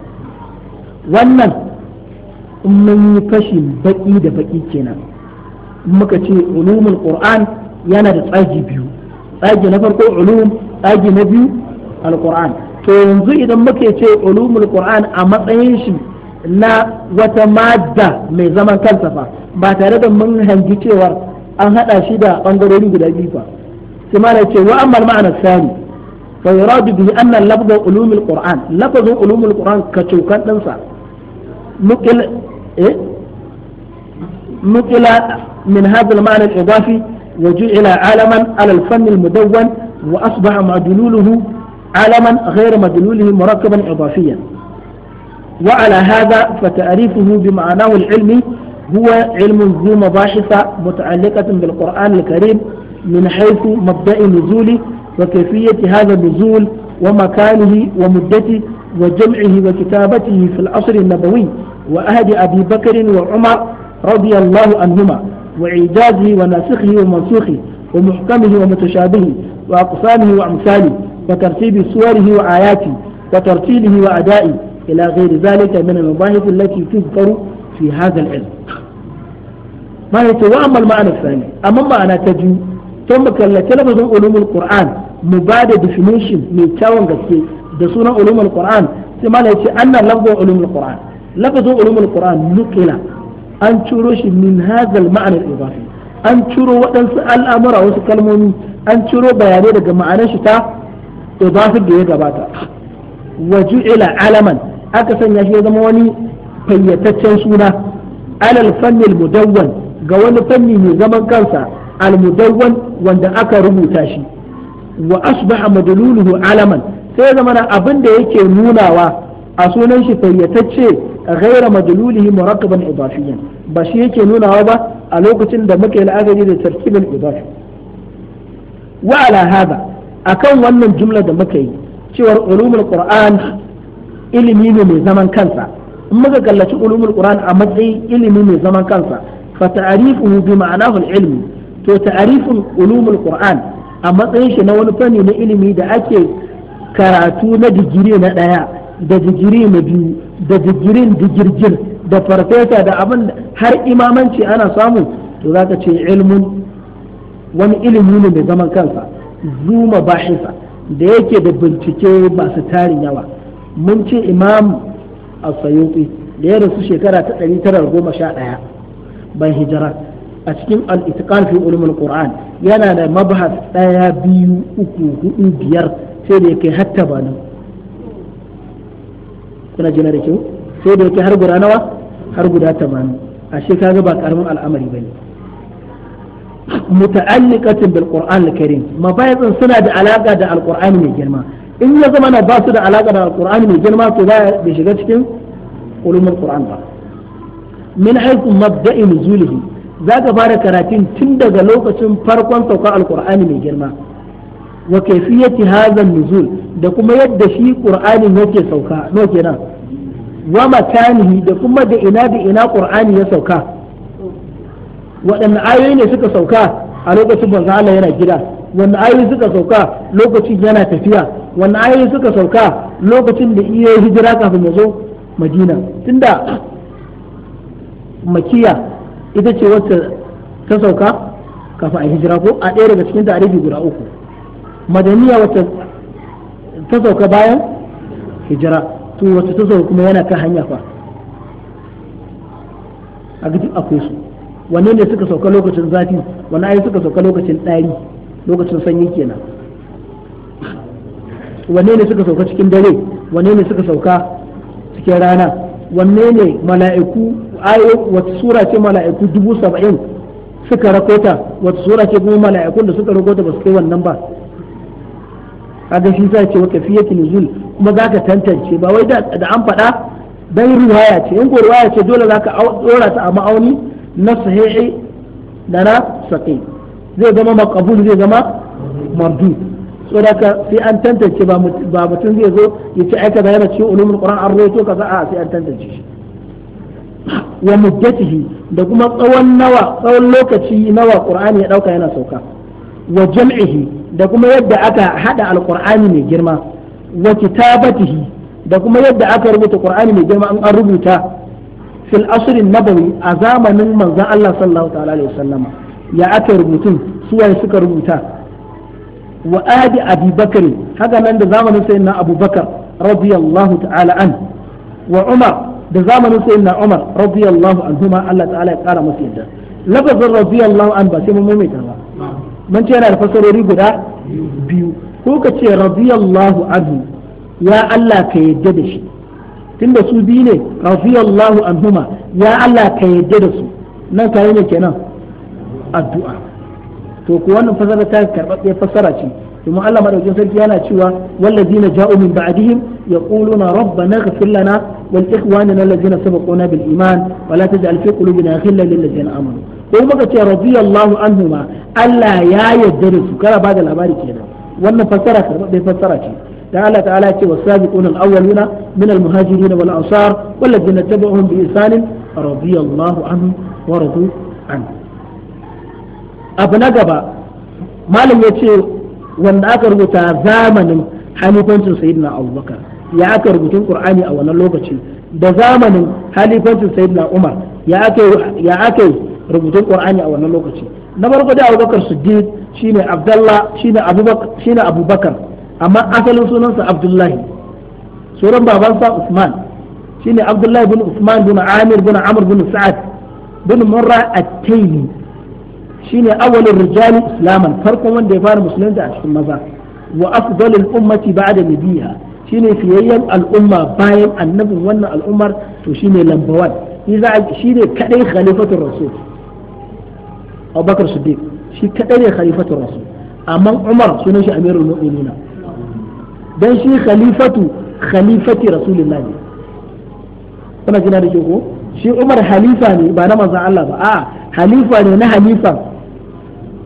S1: wannan in mun yi fashi baƙi da baki kenan muka ce ulumul qur'an yana da tsagi biyu tsagi na farko ulum tsagi na biyu alqur'an to yanzu idan muke ce ulumul qur'an a matsayin shi na wata madda mai zaman kansa fa ba tare da mun hangi cewar an haɗa shi da ɓangarori guda biyu fa sai ma ce wa amma ma'ana sani fa yuradu bihi anna lafza ulumul qur'an lafzu ulumul qur'an ka cokan din sa nuqil eh nuqila min hadha al-ma'na al-idafi wa ju'ila alaman ala al-fann al-mudawwan wa asbaha madluluhu alaman ghayra madlulihi murakkaban idafiyan وعلى هذا فتعريفه بمعناه العلمي هو علم ذو مباحث متعلقة بالقرآن الكريم من حيث مبدأ نزوله وكيفية هذا النزول ومكانه ومدته وجمعه وكتابته في العصر النبوي وأهد أبي بكر وعمر رضي الله عنهما وإعجازه وناسخه ومنسوخه ومحكمه ومتشابهه وأقسامه وأمثاله وترتيب سوره وآياته وترتيله وأدائه إلى غير ذلك من المباحث التي تذكر fi hadha al-ilm ma wa amma al-ma'ana thani amma ma'ana ta biyu to mu kallace lafazin ulumul ƙur'an mu ba da definition mai kyawun gaske da sunan ulumul qur'an sai ma yace anna lafzun ulumul qur'an lafazin ulumul nukila an ciro shi min hadha al-ma'ana al-idafi an ciro waɗansu al'amura wasu kalmomi an ciro bayanai daga ma'anar shi ta idafin da ya gabata wa ju'ila alaman aka sanya shi ya zama wani fayyataccen suna alal fannil mudawwan ga wani fanni mai zaman kansa al mudawwan wanda aka rubuta shi wa asbaha madluluhu alaman sai zamana abin da yake nunawa a sunan shi fayyatacce ghaira madlulihi murakkaban idafiyan ba shi yake nunawa ba a lokacin da muka yi la'akari da tarkibin idafi wa ala hada akan wannan jumla da muka yi cewar ulumul qur'an ilimi ne mai zaman kansa in muka kallaci ulumul qur'an a matsayin ilimi mai zaman kansa fa ta'rifuhu bi al-ilmi to ta'rifun ulumul qur'an a matsayin shi na wani fanni na ilimi da ake karatu na digiri na daya da digiri na biyu da digirin digirgir da farfesa da abin har imamanci ana samu to zaka ce ilmun wani ilimi ne mai zaman kansa zuma bahisa da yake da bincike masu tarin yawa mun ce imam al sayuti da ya rasu shekara ta 911 bai hijira a cikin al-itqan fi ulumul qur'an yana da mabhas daya biyu uku hudu biyar sai da yake hatta bana kuna jina da kyau sai da yake har guda nawa har guda a shekara kaga ba karamin al'amari bane متعلقة بالقرآن الكريم ما بايزن سنة علاقة دا القرآن من girma. in ya zama na ba da alaka da alkur'ani mai girma to ba bai shiga cikin ulumul qur'an ba min haythu mabda'i nuzulihi zaka fara karatun tun daga lokacin farkon saukar alkur'ani mai girma wa kayfiyati hadha nuzul da kuma yadda shi qur'anin yake sauka no kenan wa makanihi da kuma da ina da ina qur'ani ya sauka waɗanne ayoyi ne suka sauka a lokacin manzo Allah yana gida wanne ayoyi suka sauka lokacin yana tafiya wannan ayoyi suka sauka lokacin da iya hijira kafin ya zo madina tunda makiya ita ce wacce ta sauka kafin a hijira ko a ɗaya daga cikin tarihi guda uku madaniya wacce ta sauka bayan hijira to wacce ta sauka kuma yana kan hanya fa a gidi akwai su wanne ne suka sauka lokacin zafi wanne ayoyi suka sauka lokacin ɗari lokacin sanyi kenan wanne ne suka sauka cikin dare wanne ne suka sauka cikin rana wanne ne mala'iku ayo wata sura ce mala'iku dubu saba'in suka rakota wata sura ce kuma mala'ikun da suka rakota ba su kai wannan ba kaga shi sa ce wa kafiyatu nuzul kuma zaka tantance ba wai da an faɗa dan ruwaya ce in ko ruwaya ce dole zaka dora ta a ma'auni na sahihi da na saqi zai zama makabul zai zama mardu saboda sai an tantance ba mutum zai zo ya ci aika da yana cikin ulumul qur'an an roto kaza a sai an tantance shi wa muddatihi da kuma tsawon nawa tsawon lokaci nawa qur'ani ya ɗauka yana sauka wa jam'ihi da kuma yadda aka haɗa alqur'ani mai girma wa kitabatihi da kuma yadda aka rubuta qur'ani mai girma an rubuta fil asr nabawi a zamanin manzon Allah sallallahu alaihi wasallama ya aka rubutun suwaye suka rubuta wa adi abi bakr haka da zamanin sayyidina abubakar radiyallahu ta'ala an wa umar da zamanin sayyidina umar radiyallahu anhuma Allah ta'ala ya kara masa yadda lafazin radiyallahu an ba sai mun maimaita ba mun ce yana da fasarori guda biyu ko ka ce radiyallahu anhu ya Allah ka yadda da shi tunda su biyu ne radiyallahu anhuma ya Allah ka yadda da su nan kai kenan addu'a to ko wannan fasara ta karɓaɓɓe fasara ce domin Allah madaukin sarki yana cewa wallazina ja'u min ba'dihim yaquluna rabbana ighfir lana wal ikhwanina allazina sabaquna bil iman wa la taj'al fi qulubina ghillan lil ladzina amanu ko muka ce radiyallahu anhuma Allah ya yarda da su kana ba da labari kenan wannan fasara karɓaɓɓe fasara ce تعالى تعالى والسابقون الأولون من المهاجرين والأنصار والذين اتبعهم بإحسان رضي الله عنهم ورضوا عنه abu na gaba malam ya ce wanda aka rubuta zamanin halifancin sayyidina abubakar ya aka rubutun qur'ani a wannan lokaci da zamanin halifancin sayyidina umar ya aka rubutun qur'ani a wannan lokaci na farko da abubakar siddiq shine abdullah shine abubakar shine abubakar amma asalin sunansa abdullahi sunan babansa usman shine abdullahi bin usman bin amir bin amr bin sa'ad bin murra at-taymi shine awwalur rijali islaman farkon wanda ya fara musulunta a cikin maza wa afdalul da ba'da biya shine fiyayyen al'umma bayan annabin wannan al'ummar to shine lambawan shine kadai khalifatul rasul Abubakar Siddiq shi kadai ne khalifatul amma Umar sunan shi amirul mu'minina dan shi khalifatu khalifati rasulillah kuna jina da ko shi Umar halifa ne ba na manzon Allah ba a halifa ne na halifa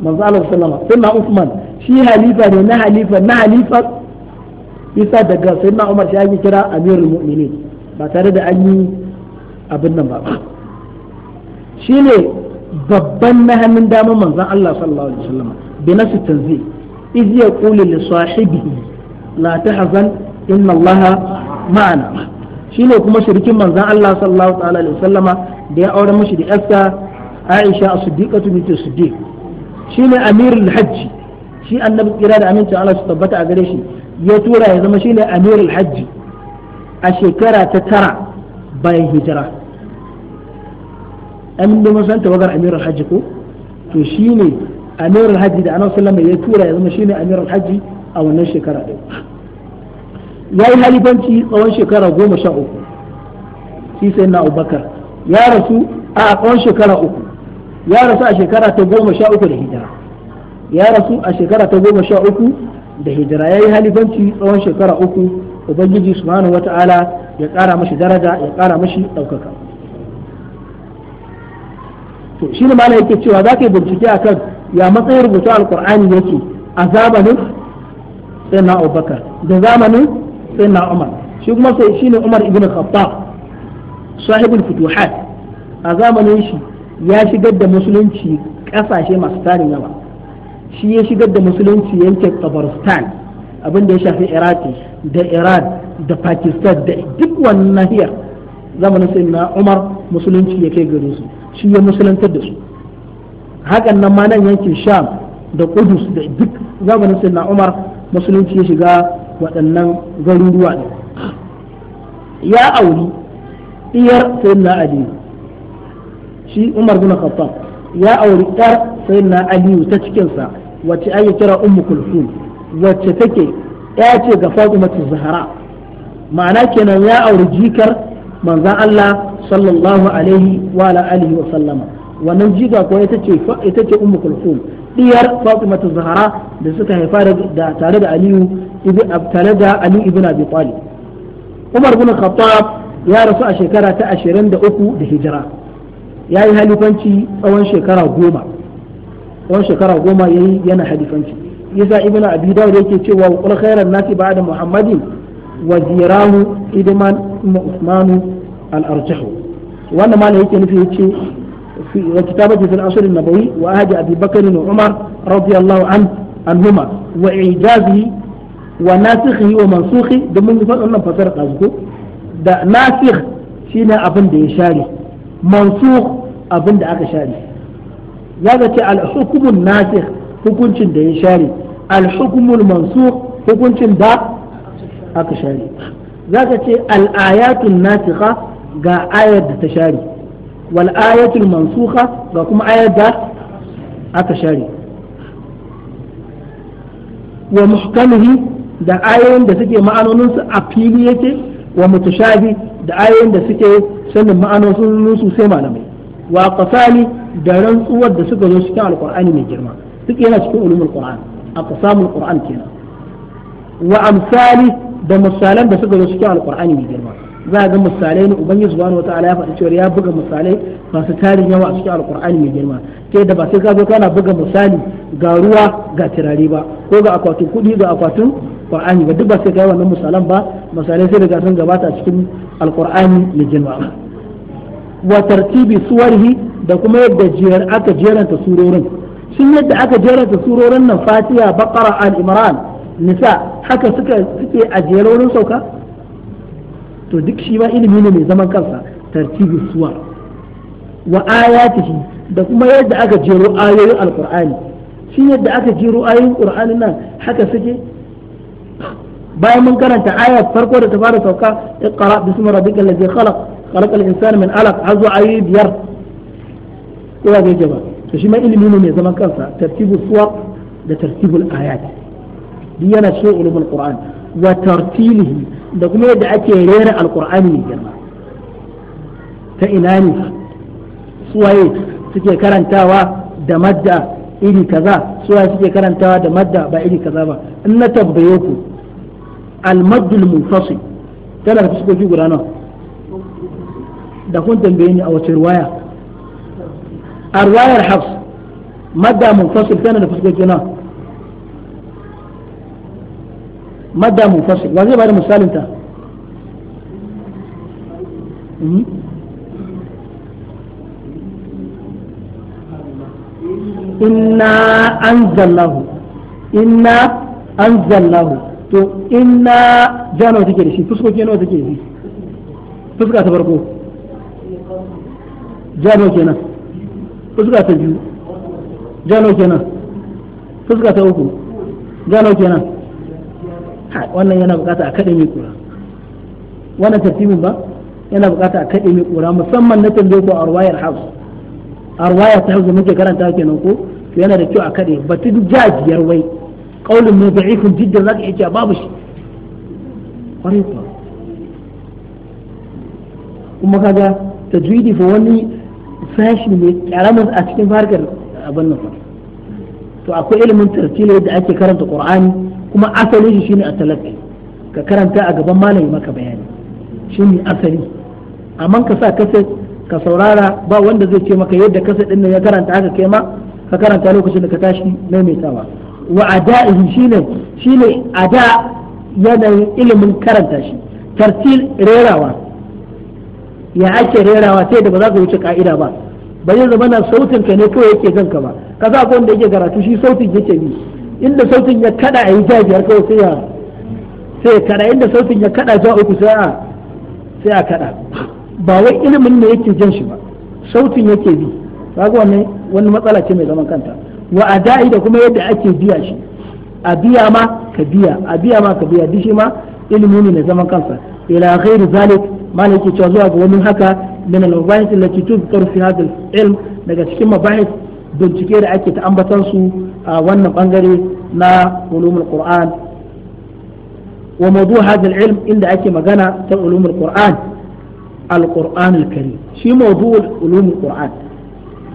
S1: manzon Allah sallama sunna Uthman shi halifa ne na halifa na halifa isa daga na Umar shi ake kira Amirul Mu'minin ba tare da an yi abin nan ba shi ne babban na hannun damar manzon Allah sallallahu alaihi wasallam bi nasu tanzil iz yaqulu li sahibihi la tahzan inna Allah ma'ana shine kuma shirkin manzan Allah sallallahu alaihi wasallama da ya aure mashi da yarsa Aisha as-Siddiqatu bint Siddiq shine amirul hajji shi annabi kira da amincin Allah su tabbata a gare shi ya tura ya zama shine amirul hajji a shekara ta tara bayan hijira an da mun san tawagar amirul hajji ko to shine amirul hajji da annabi sallallahu alaihi wasallam ya tura ya zama shine amirul hajji a wannan shekara ɗaya. ya yi halifanci tsawon shekara goma sha uku shi sai na abubakar ya rasu a tsawon shekara uku ya rasu a shekara ta goma sha uku da hijira ya rasu a shekara ta goma sha uku da hijira ya yi halifanci tsawon shekara uku ubangiji subhanahu wata'ala ya kara mashi daraja ya kara mashi ɗaukaka to shi ne malam yake cewa za ka yi bincike kan ya matsayin rubutu alkur'ani yake a zamanin sai na abubakar da zamanin sai na umar shi kuma sai shine umar ibn khattab sahibul futuhat a zamanin shi ya shigar da musulunci kasashe masu tarin yawa shi ya shigar da musulunci yankin tabaristan abinda ya shafi iraki da iran da pakistan da duk wannan nahiyar zamanin sai na umar musulunci ya kai gare su shi ya musulantar da su hakan nan ma nan yankin sham da kudus da duk zamanin sai na umar musulunci ya shiga waɗannan garuruwa ɗin ya auri ɗiyar na aliyu shi umar bin khattab ya auri ɗar na aliyu ta cikinsa wacce ake kira ummu kulsum wacce take ya ce ga fatimatu zahara ma'ana kenan ya auri jikar manzan Allah sallallahu alaihi wa alihi wa sallama wannan jika ko ita ce ita ce ummu kulsum diyar Fatimatu Zahra da suka haifa da tare da Aliyu ibn tare da Ali ibn Abi Talib Umar bin Khattab ya rasu a shekara ta 23 da hijira ya yi halifanci tsawon shekara goma tsawon shekara goma ya yi yana halifanci yasa ibn abi dawud yake cewa wa qul khairan nasi ba'da muhammadin wa zirahu idman usmanu al-arjahu wannan ma yake nufi yace في وكتابته في العصر النبوي وعهد أبي بكر وعمر رضي الله عنه عنهما وإعجازه وناسخه ومنسوخه دمون فقط فسر قازكو دا ناسخ شينا أبن دي شاري منسوخ أبن دا أكا شاري هذا الحكم الناسخ حكم دي شاري الحكم المنسوخ حكم دا أكا شاري ذاك الآيات الناسخة ga ayar da ta share wal ayatul mansukha ga kuma ayar da aka share wa muhkamihi da ayoyin da suke ma'anonin a fili yake wa mutashabi da ayoyin da suke sanin ma'anonin su sai malamai wa qasami da rantsuwar da suka zo cikin alqur'ani mai girma duk yana cikin ulumul qur'an aqsamul qur'an kenan wa amsali da misalan da suka zo cikin alqur'ani mai girma za a ga misalai ne ubangiji subhanahu wataala ya faɗi cewa ya buga misalai masu tarin yawa a cikin alkur'ani mai girma ke da ba sai ka zo kana buga misali ga ruwa ga turare ba ko ga akwatin kuɗi ga akwatin qur'ani ba duk ba sai ka yi wannan misalan ba misalai sai daga sun gabata a cikin alkur'ani mai girma wa tartibi suwarhi da kuma yadda jiyar aka jeranta surorin shin yadda aka jeranta surorin nan fatiha baqara al imran nisa haka suka suke a jerorin sauka to duk shi ma ilimi ne mai zaman kansa tartibi suwa wa ayatihi da kuma yadda aka jero ayoyin alqur'ani shi yadda aka jero ayoyin qur'anin nan haka suke bayan mun karanta aya farko da ta fara sauka iqra bismi rabbikal ladzi khalaq khalaqal insana min alaq azu ayi biyar ko ga yake to shi ma ilimi ne mai zaman kansa tartibu suwa da tartibul ayat duk yana cikin ulumul qur'an wa tartilihi da kuma yadda ake rera alkur'ani mai girma ta ina ne suwaye suke karantawa da madda iri kaza suwaye suke karantawa da madda ba iri kaza ba in na tambaye ku almaddul munfasil tana da fuskoki guda nawa da kun tambaye ni a wace ruwaya a ruwayar hafs madda munfasil tana da fuskoki nawa madda munfasil wa zai bada misalin ta inna anzalnahu inna anzalnahu to inna janawa take da shi fuskoki nawa take da shi fuska ta farko janawa kenan fuska ta biyu janawa kenan fuska ta uku janawa kenan wannan yana bukata a kaɗe mai ƙura wannan tartibin ba yana bukata a kaɗe mai ƙura musamman na tambaye ko a ruwayar hausa a ruwayar ta hausa muke karanta nan ko to yana da kyau a kaɗe batun jajiyar wai ƙaunin mai da'ifin jiddan za ka iya babu shi ƙwarai kuwa kuma kaga ta tajwidi fa wani sashi ne ƙaramin a cikin harkar abin nan to akwai ilimin tartila yadda ake karanta qur'ani kuma asali shi ne a talaki ka karanta a gaban malami maka bayani shi ne asali amma ka sa kasa ka saurara ba wanda zai ce maka yadda kasa din ya karanta haka kai ma ka karanta lokacin da ka tashi maimaitawa wa ada'ihi shine shine ada yanayin ilimin karanta shi tartil rerawa ya ake rerawa sai da ba za ka wuce ka'ida ba ba zai zama na sautin ka ne kawai yake ganka ba kaza ko wanda yake karatu shi sautin yake bi inda sautin ya kada a yi ja biyar kawai sai ya kada inda sautin ya kada ja uku sai a sai a kada ba wai ilimin ne yake jan shi ba sautin yake bi kaga wannan wani matsala ce mai zaman kanta wa adai da kuma yadda ake biya shi a biya ma ka biya a biya ma ka biya dishi ma ilimi ne mai zaman kansa ila ghairi zalik yake cewa zuwa ga wani haka min al-mabahith allati tudkar fi hadha al-ilm daga cikin mabahis bincike da ake ta ambatan su a wannan bangare na ulumul qur'an wa mawdu hadha al-ilm inda ake magana ta ulumul qur'an al-qur'an al-karim shi mawdu ulumul qur'an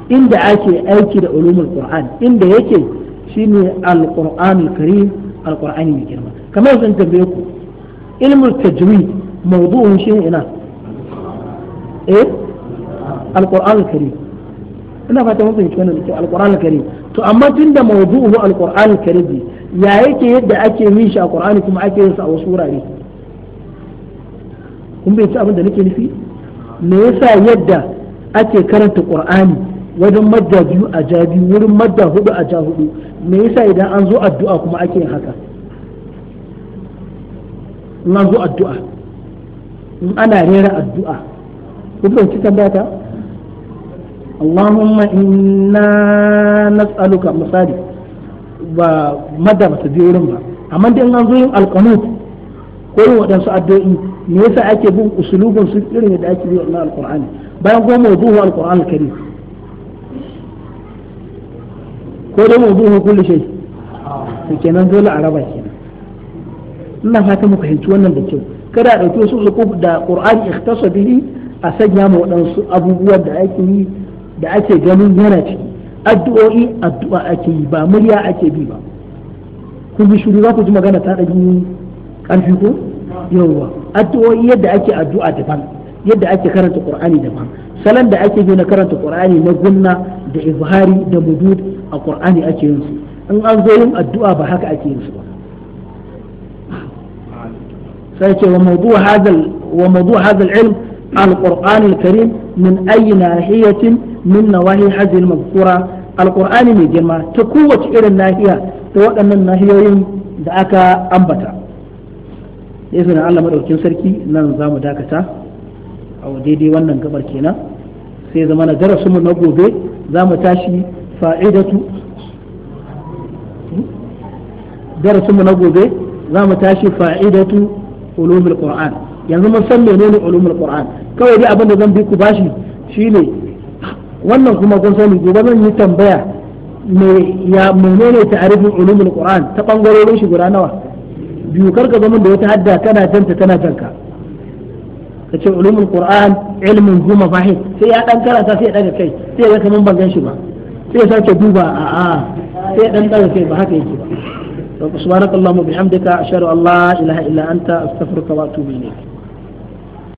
S1: inda ake aiki da ulumul qur'an inda yake shine al-qur'an al-karim al-qur'ani mai girma kamar yanzu tambaye ku ilmul tajwid mawdu'un shine ina eh al-qur'an al-karim ina fata mun fahimci wannan cikin alqur'an karim to amma tunda mawdu'uhu alqur'an karim ya yake yadda ake yin shi a qur'ani kuma ake yin sa a wasu wurare kun bai ci abin da nake nufi me yasa yadda ake karanta qur'ani wajen madda biyu a ja biyu wurin madda hudu a ja hudu me yasa idan an zo addu'a kuma ake yin haka in an zo addu'a in ana rera addu'a kun bai ci tambaya اللهم إنا نسألك misali ba madda ba ta biyo wurin ba amma da an zo yin alqanut ko yin waɗansu addu'o'i me yasa ake bin usulubin su irin yadda ake yi na alqur'ani bayan kuma mawduhu alqur'an alkarim ko dai mawduhu kulli shay to kenan dole a raba kenan ina fata mu fahimci wannan da kyau kada a ɗauki wasu da qur'ani ikhtasa bihi a sanya ma waɗansu abubuwan da ake yi da ake ganin yana ciki addu'o'i addu'a ake yi ba murya ake bi ba kun ji shiru za ku ji magana ta ɗagi ƙarfi ko yawwa addu'o'i yadda ake addu'a daban yadda ake karanta qur'ani daban salon da ake bi na karanta qur'ani na gunna da izhari da mudud a qur'ani ake yin su in an zo yin addu'a ba haka ake yin su ba sai ce wa mawdu' hadha wa mawdu' hadha al-ilm al-qur'an al-karim min ayyi nahiyatin min nawahi hadhihi al-mazkura Al'ƙur'ani mai girma ta kowace irin nahiya ta waɗannan nahiyoyin da aka ambata da izinin Allah madaukakin sarki nan za dakata a daidai wannan gabar kenan sai zama na na gobe za tashi fa'idatu darasin mu yanzu mun san menene ulumul qur'an kawai dai abin da zan bi ku bashi shine wannan kuma kun sani gobe zan yi tambaya me ya menene ta'arifin ulumul qur'an ta bangarorin shi guda nawa biyu karka zaman da wata hadda kana janta tana janka ka ce ulumul qur'an ilmin hu mafahim sai ya dan karanta sai ya daga kai sai ya kaman ban gan shi ba sai ya sake duba a a sai ya dan daga kai ba haka yake ba subhanakallahumma bihamdika ashhadu an la ilaha illa anta astaghfiruka wa atubu
S2: ilayk